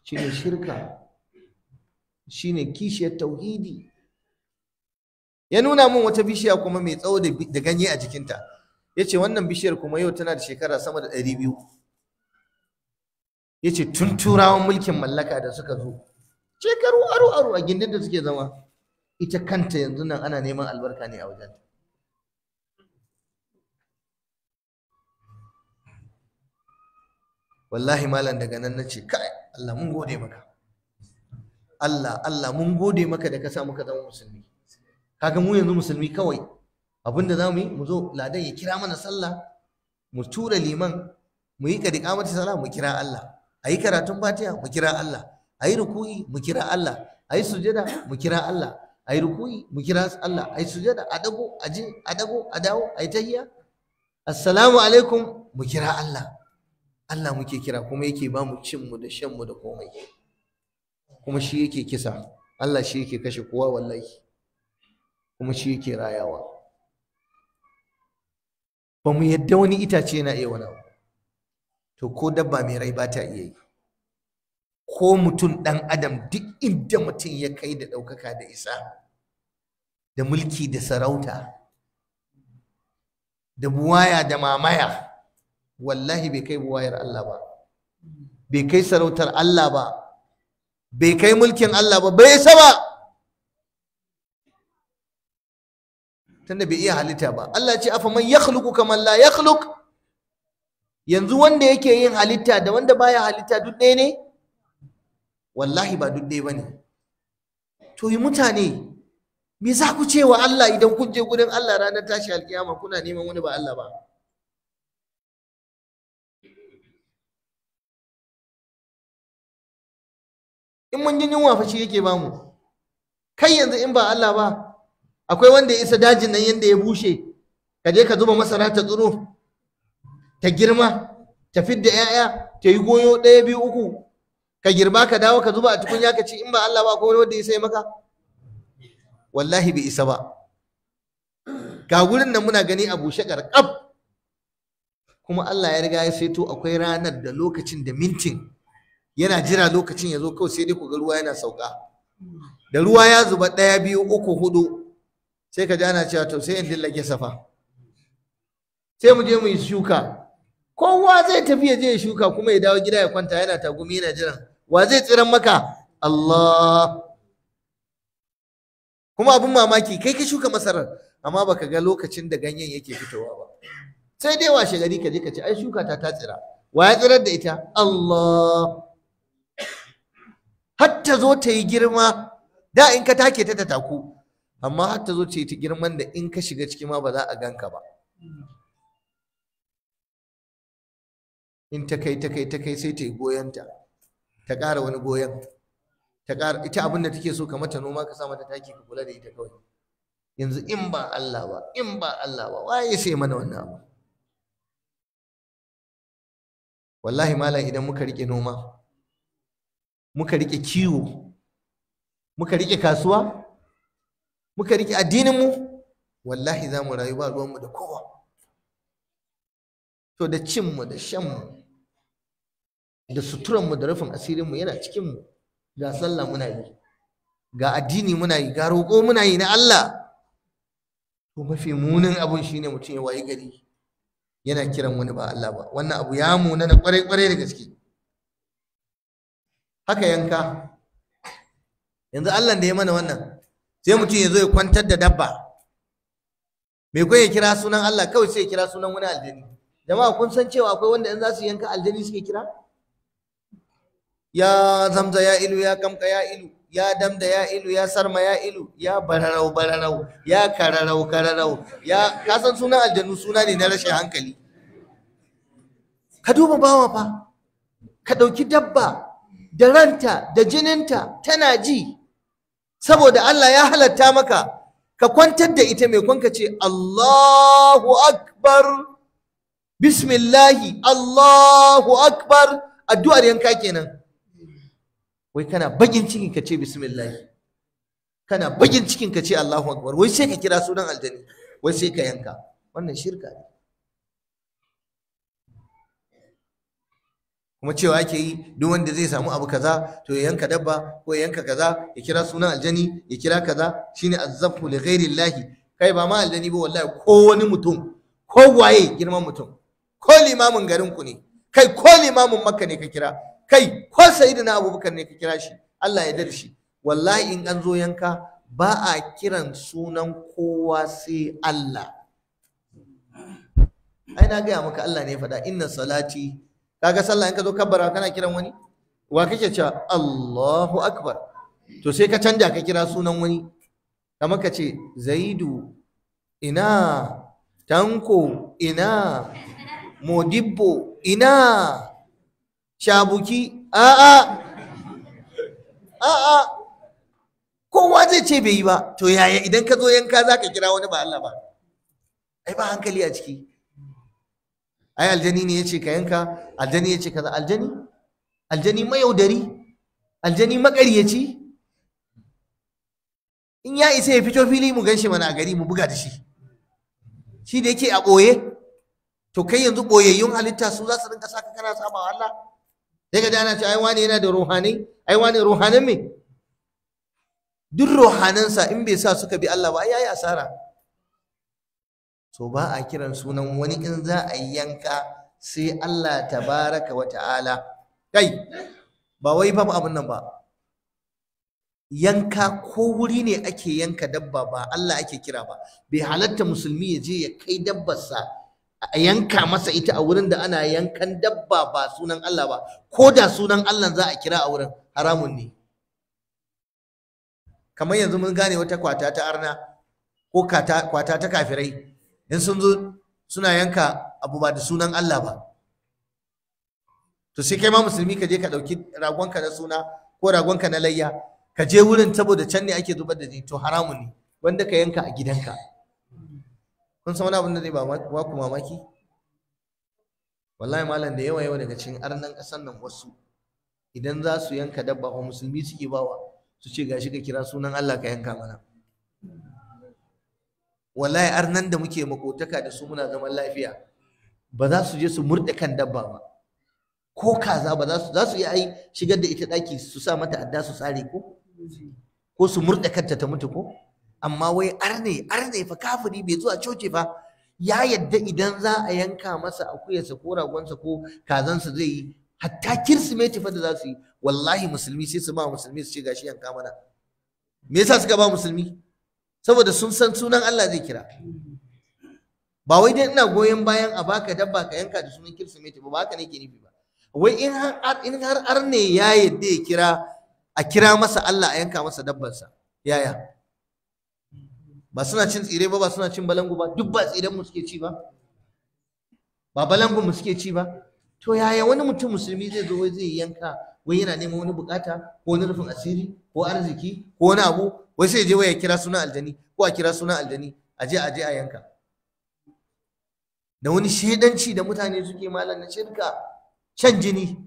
shine shirka shine kishiyar tauhidi ya nuna min wata bishiya kuma mai tsawo da ganye a jikinta ya ce wannan bishiyar kuma yau tana da shekara sama da ɗari biyu ya ce tun turawan mulkin mallaka da suka zo shekaru aro aro a gindin da suke zama ita kanta yanzu nan ana neman albarka ne a wajen wallahi malam daga nan na ce kai Allah mun gode maka Allah Allah mun gode maka da ka sa muka zama musulmi kaga mu yanzu musulmi kawai abinda zamu yi mu zo ladan ya kira mana sallah mu tura liman mu yi kadi kamar sallah mu kira Allah ayi karatun fatiha mu kira Allah ayi ruku'i mu kira Allah ayi sujada mu kira Allah ayi ruku'i mu kira Allah ayi sujada a dago a ji a dago a dawo yi tahiyya assalamu alaikum mu kira Allah Allah muke kira kuma yake ba mu cin mu da shan mu da komai kuma shi yake kisa Allah shi yake kashe kowa wallahi kuma shi yake rayawa ba mu yadda wani itace yana iya wani to ko dabba mai rai ba ta iya yi ko mutum ɗan adam duk inda mutum ya kai da ɗaukaka da isa da mulki da sarauta da buwaya da mamaya wallahi bai kai buwayar Allah ba bai kai sarautar Allah ba bai kai mulkin Allah ba bai isa ba tunda bai iya halitta ba Allah ce afa man yakhluqu kaman la yakhluq yanzu wanda yake yin halitta da wanda baya halitta duk ɗaya ne wallahi ba duk ɗaya bane to yi mutane me za ku ce wa Allah idan kun je gurin Allah ranar tashi alkiyama kuna neman wani ba Allah ba in mun yi yunwa fa shi yake bamu kai yanzu in ba Allah ba akwai wanda ya isa dajin nan yanda ya bushe ka je ka zuba masara ta tsuro, ta girma ta fidda 'ya'ya ta yi goyo ɗaya biyu uku ka girba ka dawo ka zuba a tukunya ka ci in ba Allah ba akwai wanda ya isa maka wallahi bai isa ba ga gurin nan muna gani a bushe ƙarƙaf kuma Allah ya riga ya saito akwai ranar da lokacin da mintin yana jira lokacin ya zo kawai sai dai ku ga ruwa yana sauka da ruwa ya zuba ɗaya biyu uku hudu sai ka ji ana cewa to sai in dillage safa sai mu je mu yi shuka kowa zai tafi ya je ya shuka kuma ya dawo gida ya kwanta yana tagumi yana jiran wa zai tsiran maka Allah kuma abin mamaki kai ka shuka masarar amma baka ga lokacin da ganyen yake fitowa ba sai dai washe gari ka je ka ce ai shuka ta ta tsira wa ya tsirar da ita Allah har ta zo ta yi girma da in ka take ta ta taku amma har ta zo ta yi ta girman da in ka shiga ciki ma ba za a ganka ba in ta kai ta kai ta kai sai ta yi goyonta ta ƙara wani goyon ta ƙara ita abin da take so ka mata noma ka sa mata taki ka kula da ita kawai yanzu in ba Allah ba in ba Allah ba waye sai mana wannan abu wallahi malam idan muka rike noma muka rike kiwo muka rike kasuwa muka rike addininmu wallahi za mu rayu ba ruwanmu da kowa to da cinmu da shanmu da suturanmu da rufin asirin mu yana cikinmu ga sallah muna yi ga addini muna yi ga roƙo muna yi na Allah to mafi munin abun shine mutum ya wayi gari yana kiran wani ba Allah ba wannan abu ya munana kwarai kwarai da gaske haka yanka yanzu Allah da ya mana wannan sai mutum ya zo ya kwantar da dabba me kai ya kira sunan Allah kawai sai ya kira sunan wani aljani jama'a kun san cewa akwai wanda in za su yanka aljani suke kira ya zamza ya ilu ya kamka ya ilu ya damda ya ilu ya sarma ya ilu ya bararau bararau ya kararau kararau ya kasan sunan aljanu suna ne na rashin hankali ka duba bawa fa ka ɗauki dabba da ranta da jininta tana ji saboda Allah ya halatta maka ka kwantar da ita mai kwanka ce Allahu akbar bismillahi Allahu akbar addu'ar yanka kenan wai kana bakin cikin ka ce bismillahi kana bakin cikin ka ce Allahu akbar wai sai ka kira sunan aljani wai sai ka yanka wannan shirka ne kuma cewa ake yi duk wanda zai samu abu kaza to ya yanka dabba ko ya yanka kaza ya kira sunan aljani ya kira kaza shine azzafu li ghairi llahi kai ba ma aljani ba wallahi ko wani mutum ko waye girman mutum ko limamin garin ku ne kai ko limamin makka ne ka kira kai ko sayyidina abubakar ne ka kira shi Allah ya dar shi wallahi in an zo yanka ba a kiran sunan kowa sai Allah ai na gaya maka Allah ne faɗa inna salati kaga sallah in ka zo kabbara kana kiran wani wa kake cewa Allahu akbar to sai ka canja ka kira sunan wani kamar ka ce Zaidu ina Tanko ina Modibbo ina Shabuki a'a a'a kowa zai ce bai yi ba to yaya idan ka zo yanka za ka kira wani ba Allah ba ai ba hankali a ciki ai aljani ne yace ka yanka aljani yace kaza aljani aljani mayaudari aljani makaryaci in ya isa ya fito fili mu ganshi mana a gari mu buga da shi shi da yake a ɓoye to kai yanzu ɓoyayyun halitta su za su rinka saka kana saba Allah sai ka ji ce ai wani yana da ruhani? ai wani ruhanan me duk ruhanansa in bai sa suka bi Allah ba ai yayi asara to ba a kiran sunan wani in za a yi yanka sai Allah tabaraka wa ta'ala kai ba wai ba abin nan ba yanka ko wuri ne ake yanka dabba ba Allah ake kira ba bai halatta musulmi ya je ya kai dabbarsa a yanka masa ita a wurin da ana yankan dabba ba sunan Allah ba ko da sunan Allah za a kira a wurin haramun ne kamar yanzu mun gane wata kwata ta arna ko kwata ta kafirai in sun zo suna yanka abu ba da sunan Allah ba to sai kai ma musulmi ka je ka ɗauki ragonka na suna ko ragonka na layya ka je wurin saboda can ne ake zubar da jini to haramun ne wanda ka yanka a gidanka kun san wani abin da zai ba ku mamaki wallahi malam da yawa yawa daga cikin arnan kasan nan wasu idan za su yanka dabba ko musulmi suke bawa su ce gashi ka kira sunan Allah ka yanka mana wallahi nan da muke makotaka da su muna zaman lafiya ba za su je su murɗe kan dabba ba ko kaza ba za su yi ai shigar da ita daki su sa mata adda su tsare ko ko su murɗe kanta ta mutu ko amma wai arne arne fa kafiri bai zuwa coci fa ya yadda idan za a yanka masa akuyarsa ko ragonsa ko kazansa zai yi hatta kirsimeti fa da za su yi wallahi musulmi sai su ba musulmi su ce gashi yanka mana me yasa suka ba musulmi saboda sun san sunan Allah zai kira ba wai dai ina goyon bayan a baka dabba ka yanka da sunan kirsimeti ba haka nake nufi ba wai in har in har ne ya yadda ya kira a kira masa Allah a yanka masa sa. yaya ba suna cin tsire ba ba suna cin balangu ba duk ba tsiren mu suke ci ba ba balangu mu suke ci ba to yaya wani mutum musulmi zai zo wai zai yanka wai yana neman wani bukata ko wani rufin asiri ko arziki ko wani abu wai sai je waya kira sunan aljani ko a kira sunan aljani a je a je a yanka da wani shaidanci da mutane suke malam na shirka shan jini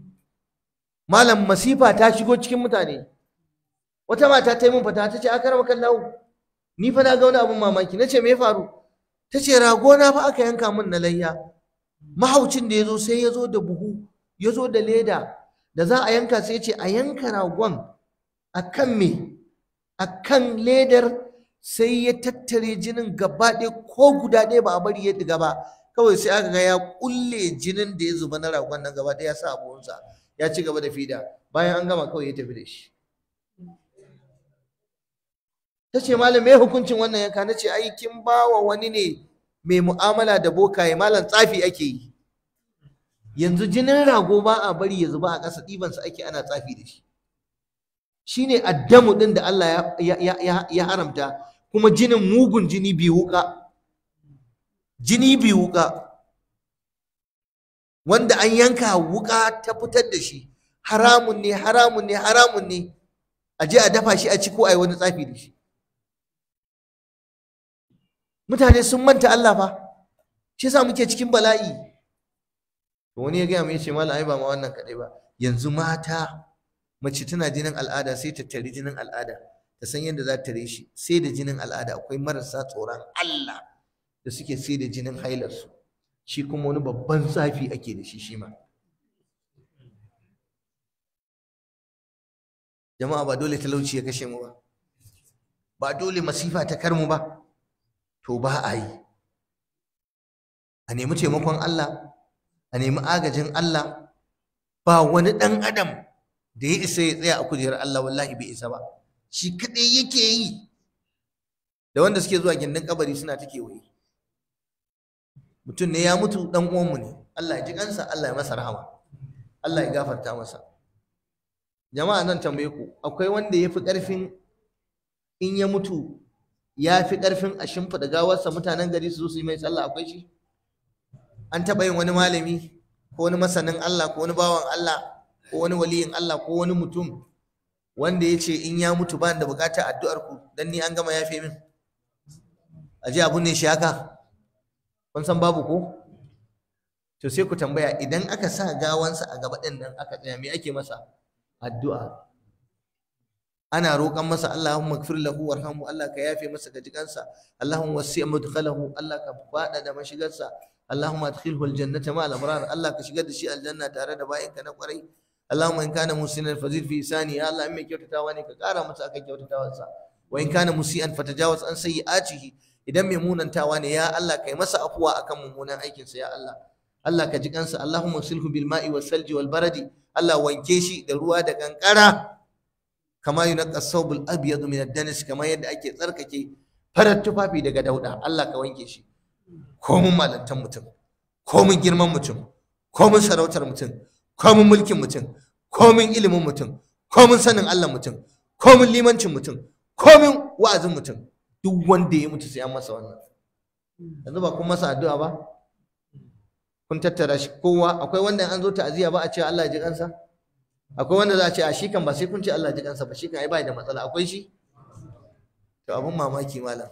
malam masifa ta shigo cikin mutane wata mata ta yi min fata ta ce a karama kallahu ni fa na ga wani abin mamaki na ce me ya faru ta ce rago na fa aka yanka min na layya mahaucin da ya zo sai ya zo da buhu ya zo da leda da za a yanka sai ya ce a yanka ragon a kan me a kan ledar sai ya tattare jinin gaba ɗaya ko guda ɗaya ba a bari ya diga ba kawai sai aka ga ya kulle jinin da ya zuba na ragon nan gaba ɗaya ya sa abuwansa ya ci gaba da fida bayan an gama kawai ya tafi da shi ta ce malam me hukuncin wannan yanka na ce Aikin kin ba wa wani ne mai mu'amala da bokaye malam tsafi ake yi yanzu jinin rago ba a bari ya zuba a ƙasa ɗibansa ake ana tsafi da shi Shi ne addamu ɗin da Allah ya haramta kuma jinin mugun jini bi wuka jini bi wuka wanda an yanka wuƙa ta fitar da shi haramun ne haramun ne haramun ne a je a dafa shi a ci ko a yi wani tsafi da shi mutane sun manta Allah fa shi yasa muke cikin bala'i wani ya gaya mu ya ce malam ai ba ma wannan kaɗai ba yanzu mata mace tana jinin al'ada sai ta tari jinin al'ada ta san yadda za ta tare shi sai da jinin al'ada akwai marasa tsoron Allah da suke sai da jinin hailarsu shi kuma wani babban zafi ake da shi shi ma jama'a ba dole talauci ya kashe mu ba ba dole masifa ta kar mu ba to ba a yi a nemi taimakon Allah a nemi agajin Allah ba wani ɗan adam da ya isa ya tsaya a kujerar Allah wallahi bai isa ba shi kadai yake yi da wanda suke zuwa gindin kabari suna ta kewaye mutum ne ya mutu dan uwanmu ne Allah ya ji kansa Allah ya masa rahama Allah ya gafarta masa jama'a nan tambaye ku akwai wanda ya fi ƙarfin in ya mutu ya fi karfin a shimfiɗa gawarsa mutanen gari su zo su yi mai sallah akwai shi an taɓa yin wani malami ko wani masanin Allah ko wani bawan Allah ko wani waliyin Allah ko wani mutum wanda ya ce in ya mutu ba da bukatar addu'ar ku dan ni an gama yafe min a ji abun ne shi haka kun san babu ko to sai ku tambaya idan aka sa gawansa a gaba din nan aka tsaya me ake masa addu'a ana roƙon masa Allahumma gfir lahu warhamhu Allah ka yafe masa gajigansa Allahumma wasi' mudkhalahu Allah ka fada da mashigarsa Allahumma adkhilhu aljannata ma al-abrar Allah ka shigar da shi aljanna tare da bayinka na kwarai Allahumma in kana musinan fazid fi isani ya Allah in mai kyautatawa ne ka kara masa akan kyautatawarsa wa in kana musian fatajawaz an sayyi'atihi idan mai munantawa ne ya Allah kai masa afuwa akan mummunan aikinsa ya Allah Allah ka ji kansa Allahumma silhu bil ma'i was salji wal baradi Allah wanke shi da ruwa da kankara kama yunqa sawbul abyad min ad-danis kama yadda ake tsarkake farar tufafi daga dauda Allah ka wanke shi komun malantan mutum komun girman mutum komun sarautar mutum komin mulkin mutum komin ilimin mutum komin sanin Allah mutum komin limancin mutum komin wa'azin mutum duk wanda ya mutu sai an masa wannan yanzu ba kun masa addu'a ba kun tattara shi kowa akwai wanda an zo ta'aziyya ba a ce Allah ya ji kansa akwai wanda za a ce a shi kan ba sai kun ce Allah ya ji kansa ba shi kan ai ba da matsala akwai shi to abin mamaki malam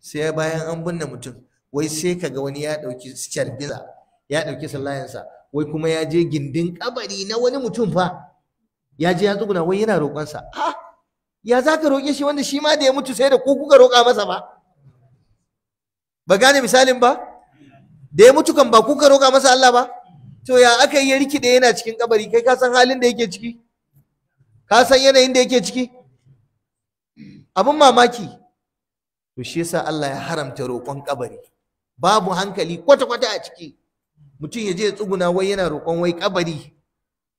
sai bayan an binne mutum wai sai ga wani ya dauki carbinsa ya dauki sallayansa wai kuma ya je gindin kabari na wani mutum fa ya je ya tsuguna wai yana roƙonsa Ha! Ah, ya za ka roƙe shi wanda shi ma da ya mutu sai da ku kuka roƙa masa ba ba gane misalin ba da ya mutu kan ba kuka roƙa masa Allah ba to ya aka yi ya rikide yana cikin kabari kai ka san halin da yake ciki ka san yanayin da yake ciki abin mamaki to shi yasa Allah ya haramta roƙon kabari babu hankali kwata-kwata a ciki mutum ya je ya tsuguna wai yana roƙon wai kabari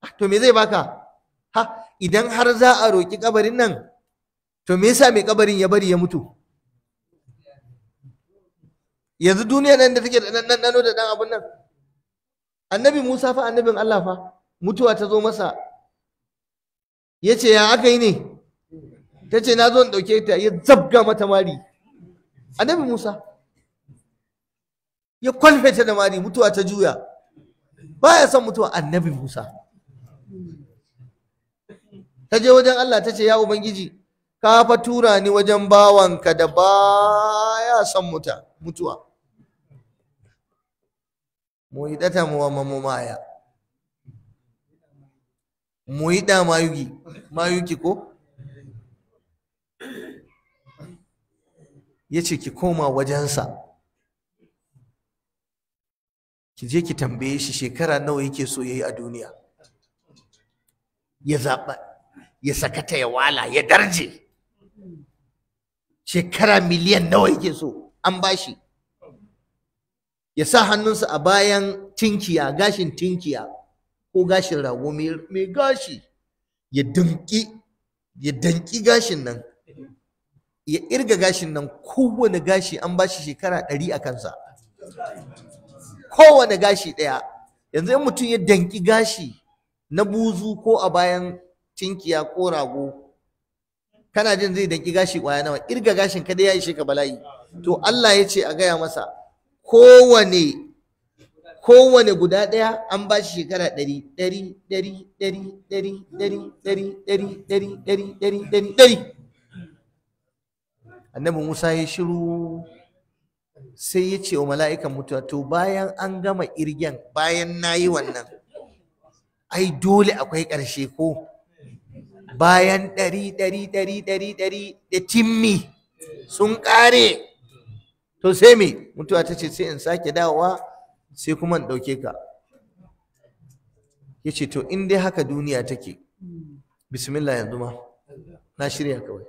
ah, to me zai baka ha idan har za a roƙi kabarin nan to me yasa mai kabarin ya bari ya mutu yanzu duniya nan da take da nan nano da dan abun nan annabi Musa fa annabin Allah fa mutuwa ta zo masa ya ce ya aka yi ne ta ce na zo in ɗauke ta ya zabga mata mari annabi Musa ya kwalfe ta da mari mutuwa ta juya Ba ya son mutuwa annabi Musa ta je wajen Allah ta ce ya ubangiji ka fa tura ni wajen bawanka da ya son Mu mutuwa ɗata mu wa mu yi ɗa mayuki ko Ya ce ki koma wajensa ki je ki tambaye shi shekara nawa yake so yayi a duniya ya zaɓa ya sakata ya wala ya darje shekara miliyan nawa yake so an bashi ya sa hannunsa a bayan tinkiya gashin tinkiya ko gashin rago mai gashi ya danki ya danki gashin nan ya irga gashin nan kowane gashi an bashi shekara ɗari a kansa kowane gashi ɗaya yanzu in mutum ya danki gashi na buzu ko a bayan tinkiya ko rago kana jin zai danki gashi kwaya nawa irga gashin ka dai ya ishe ka bala'i to Allah ya ce a gaya masa kowane kowane guda ɗaya an ba shi shekara ɗari ɗari ɗari ɗari ɗari ɗari ɗari ɗari ɗari ɗari ɗari ɗari ɗari annabi Musa ya shiru sai ya ce wa mala'ikan mutuwa to bayan an gama irgen bayan na yi wannan ai dole akwai ƙarshe ko bayan ɗari ɗari ɗari ɗari ɗari da timmi sun ƙare to sai me mutuwa ta ce sai in sake dawowa sai kuma in ɗauke ka ya ce to in dai haka duniya take bismillah yanzu ma na shirya kawai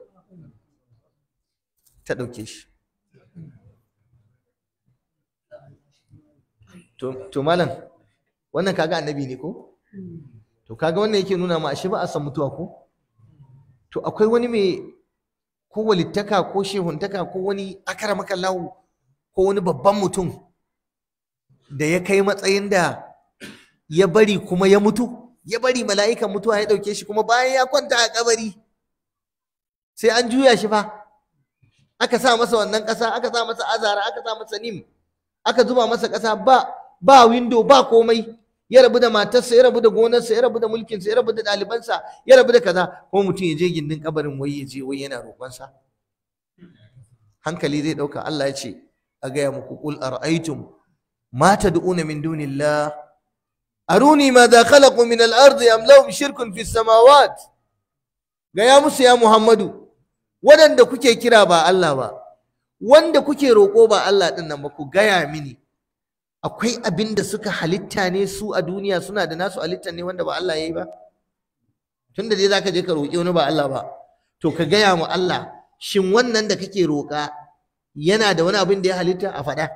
ta ɗauke shi to malam wannan kaga annabi ne ko to kaga wannan yake nuna ma ashe ba a san mutuwa ko to akwai wani mai ko walittaka ko shehuntaka ko wani maka lahu ko wani babban mutum da ya kai matsayin da ya bari kuma ya mutu ya bari mala'ikan mutuwa ya ɗauke shi kuma bayan ya kwanta a kabari sai an juya shi ba? aka sa masa wannan ƙasa aka sa masa azara aka sa masa nim aka zuba masa ƙasa ba ba window ba komai ya rabu da matarsa ya rabu da gonarsa ya rabu da mulkinsa ya rabu da ɗalibansa ya rabu da kaza ko mutum ya je gindin kabarin wai ya je wai yana roƙonsa hankali zai ɗauka Allah ya ce a gaya muku qul ara'aytum ma tad'una min dunillah aruni madha khalaqu min al-ardi am lahum shirkun fi samawat gaya musu ya Muhammadu waɗanda kuke kira ba Allah ba wanda kuke roƙo ba Allah ɗin nan ba ku gaya mini akwai abin da suka halitta ne su a duniya suna da nasu halitta ne wanda ba Allah ya yi ba tun da dai zaka je ka roƙi wani ba Allah ba to ka gaya mu Allah shin wannan da kake roƙa yana da wani abin da ya halitta a faɗa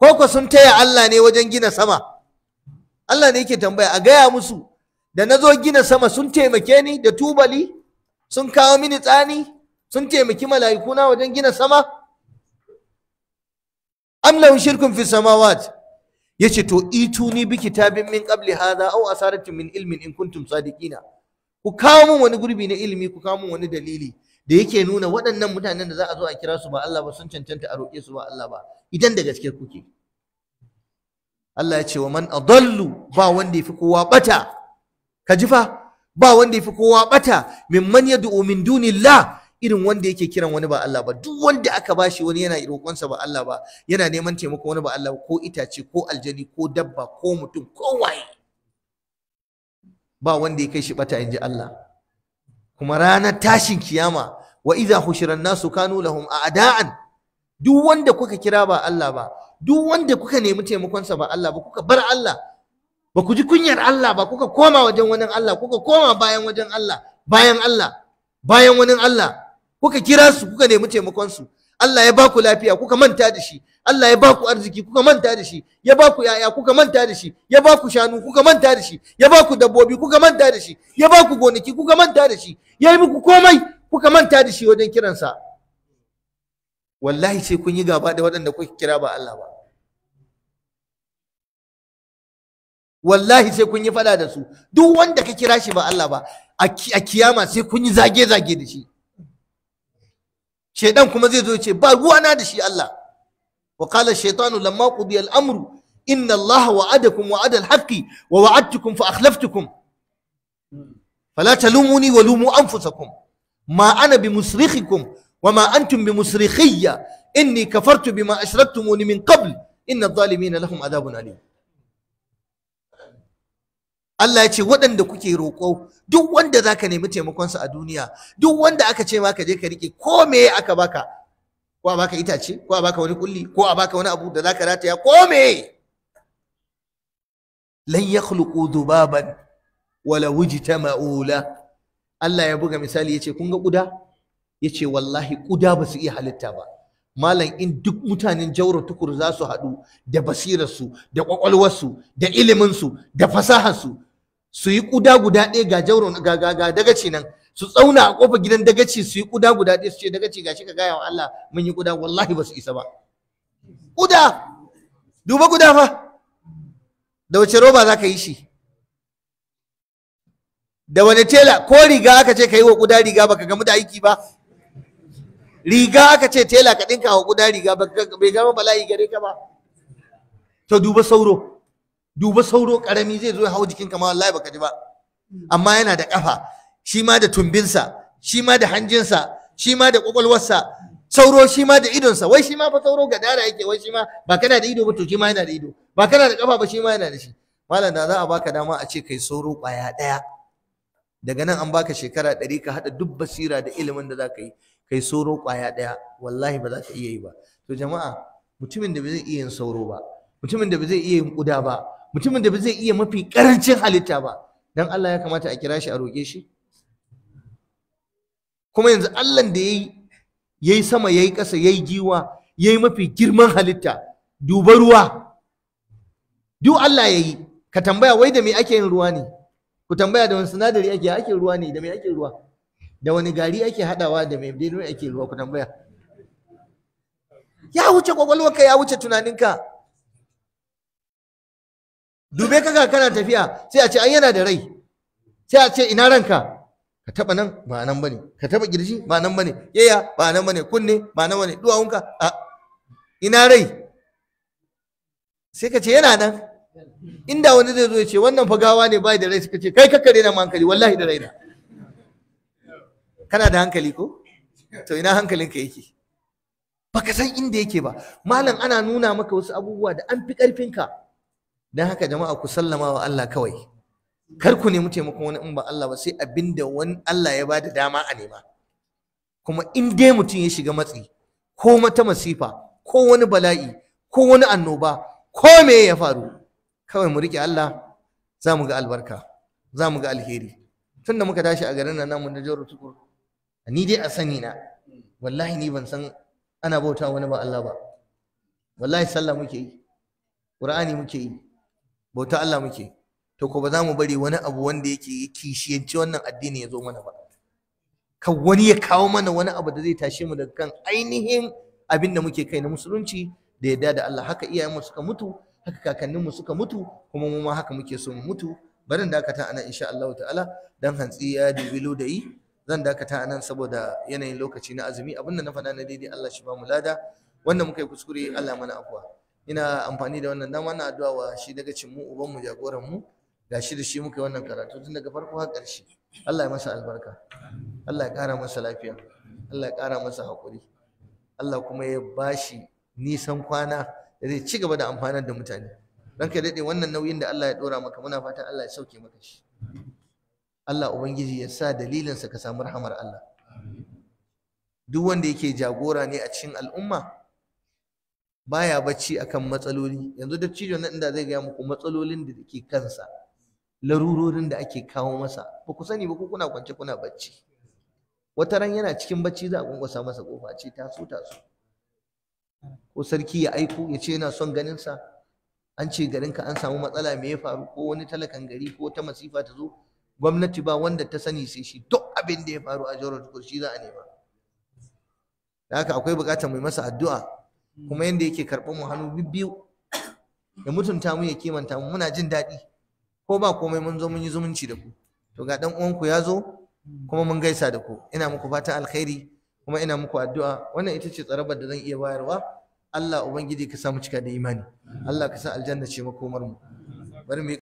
ko ko sun taya Allah ne wajen gina sama Allah ne yake tambaya a gaya musu da na zo gina sama sun taimake ni da tubali sun kawo mini tsani sun taimaki mala'ikuna wajen gina sama am lahum shirkun fi samawat yace to ituni bi kitabin min qabli hadha aw asaratin min ilmin in kuntum sadiqina ku kawo mun wani gurbi na ilimi ku kawo mun wani dalili da yake nuna waɗannan mutanen da za a zo a kira su ba Allah ba sun cancanta a roƙe su ba Allah ba idan da gaske kuke Allah ya ce wa man adallu ba wanda yafi kowa bata ka ji fa ba wanda yafi kowa bata mimman yad'u min dunillah irin wanda yake kiran wani ba Allah ba duk wanda aka bashi wani yana roƙonsa ba Allah ba yana neman taimako wani ba Allah ba ko itace ko aljani ko dabba ko mutum ko waye ba wanda ya kai shi bata inji Allah kuma ranar tashin kiyama wa idza hushiran nasu kanu lahum a'da'an duk wanda kuka kira ba Allah ba duk wanda kuka nemi taimakonsa ba Allah ba kuka bar Allah ba ku ji kunyar Allah ba kuka koma wajen wani Allah kuka koma bayan wajen Allah bayan Allah bayan wani Allah kuka kira su kuka nemi taimakon su Allah ya ba ku lafiya kuka manta da shi Allah ya ba ku arziki kuka manta da shi ya ba ku yaya kuka manta da shi ya ba ku shanu kuka manta da shi ya ba ku dabbobi kuka manta da shi ya ba ku gonaki kuka manta da shi ya yi muku komai kuka manta da shi wajen kiransa wallahi sai kun yi gaba da waɗanda kuka kira ba Allah ba wallahi sai kun yi fada da su duk wanda ka kira shi ba Allah ba a kiyama sai kun yi zage-zage da shi شيطان كما زي زوجي بارو أنا دشي الله وقال الشيطان لما قضي الأمر إن الله وعدكم وعد الحق ووعدتكم فأخلفتكم فلا تلوموني ولوموا أنفسكم ما أنا بمصرخكم وما أنتم بمصرخية إني كفرت بما أشركتموني من قبل إن الظالمين لهم عذاب أليم Allah ya ce waɗanda kuke roƙo duk wanda za ka nemi taimakonsa a duniya duk wanda aka ce maka je ka riƙe ko me aka baka ko a baka itace ko a baka wani kulli ko a baka wani abu da za ka rataya ko me lan yakhluqu dhubaban wala wujtama'u ma'ula. Allah ya buga misali yace kun ga kuda yace wallahi kuda ba su iya halitta ba malam in duk mutanen jauro tukur za su haɗu da basirarsu da ƙwaƙwalwarsu da iliminsu da fasaharsu su yi ƙuda guda ɗaya ga jauro ga ga ga dagaci nan su tsauna a ƙofar gidan dagaci su yi ƙuda guda ɗaya su ce dagaci gashi ka gaya wa Allah mun yi ƙuda wallahi ba su isa ba ƙuda duba ƙuda fa da wace roba za ka yi shi da wani tela ko riga aka ce ka yi wa ƙuda riga baka gamu da aiki ba riga aka ce tela ka ɗinka wa guda riga bai gama bala'i gare ka ba to duba sauro duba sauro karami zai zo ya hau jikinka ma wallahi baka ji ba amma yana da kafa shi ma da tumbinsa shi ma da hanjinsa shi ma da kwakwalwarsa sauro shi ma da idonsa wai shi ma fa sauro ga dara yake wai shi ma ba kana da ido ba to shi ma yana da ido ba kana da kafa ba shi ma yana da shi malam da za a baka dama a ce kai sauro kwaya daya daga nan an baka shekara ɗari ka haɗa duk basira da ilimin da za ka yi kai sauro kwaya ɗaya wallahi ba za ka iya yi ba to jama'a mutumin da ba zai iya yin sauro ba mutumin da ba zai iya yin ƙuda ba mutumin da ba zai iya mafi ƙarancin halitta ba dan Allah ya kamata a kira shi a roƙe shi kuma yanzu Allah da yayi yayi sama yayi ƙasa yayi giwa yayi mafi girman halitta duba ruwa duk Allah yayi ka tambaya wai da me ake yin ruwa ne ku tambaya da wani sinadari ake ake ruwa ne da me ake ruwa da wani gari ake hadawa da mai dino ake ruwa ku tambaya ya wuce kwakwalwarka ya wuce tunaninka dube ka kana tafiya sai a ce an yana da rai sai a ce ina ranka ka taba nan ba nan bane ka taba kirji ba nan bane yaya ba nan bane kunne ba nan bane duwawunka a ina rai sai ka ce yana nan inda wani zai zo ya ce wannan fagawa ne bai da rai suka ce kai kakkare na mankali wallahi da rai na kana da hankali ko to ina hankalinka yake baka san inda yake ba malam ana nuna maka wasu abubuwa da an fi karfin ka don haka jama'a ku sallama wa Allah kawai kar ku nemi taimakon wani in ba Allah ba sai abinda wani Allah ya ba da dama a nema kuma in dai mutum ya shiga matsi ko mata masifa ko wani bala'i ko wani annoba ko me ya faru kawai mu riƙe Allah za mu ga albarka za mu ga alheri tunda muka tashi a garin nan namu da jihar ni dai a sani na wallahi ni ban san ana bauta wani ba Allah ba wallahi sallah muke yi qur'ani muke yi bauta Allah muke to ko ba za mu bari wani abu wanda yake kishiyanci wannan addini ya zo mana ba ka wani ya kawo mana wani abu da zai tashe mu daga kan ainihin abin da muke kai na musulunci da yadda da Allah haka iyayenmu suka mutu haka kakanninmu suka mutu kuma mu ma haka muke so mu mutu barin dakata ana insha Allah ta'ala dan hantsi ya dubilo da yi zan dakata anan saboda yanayin lokaci na azumi abinda na faɗa na daidai Allah shi ba mu lada wanda muka yi kuskure Allah mana afuwa ina amfani da wannan dama na addu'a wa shi daga cin mu uban mu jagoran mu shi da shi muka yi wannan karatu tun daga farko har ƙarshe Allah ya masa albarka Allah ya ƙara masa lafiya Allah ya ƙara masa haƙuri Allah kuma ya bashi nisan kwana da zai ci gaba da amfanar da mutane kai daɗe wannan nauyin da Allah ya ɗora maka muna fatan Allah ya sauke maka shi Allah ubangiji ya sa dalilinsa ka samu rahamar Allah duk wanda yake jagora ne a cikin al'umma baya bacci akan matsaloli yanzu da cijon nan da zai gaya muku matsalolin da ke kansa larurorin da ake kawo masa ba ku sani ba ku kuna kwance kuna bacci wata ran yana cikin bacci za a gungusa masa kofa ce taso taso ko sarki ya aiko ya ce yana son ganinsa? an ce garinka an samu matsala me ya faru ko wani talakan gari ko ta masifa ta zo gwamnati ba wanda ta sani sai shi duk abin da ya faru a jihar Tukur shi za a nema da haka akwai bukatar yi masa addu'a kuma yanda yake karɓar mu hannu bibbiyu ya mutunta mu ya kimanta mu muna jin daɗi ko ba komai mun zo mun yi zumunci da ku to ga dan uwanku ya zo kuma mun gaisa da ku ina muku fatan alkhairi kuma ina muku addu'a wannan ita ce tsarabar da zan iya bayarwa Allah ubangiji ka sa mu cika da imani Allah ka sa aljanna ce makomar mu bari mu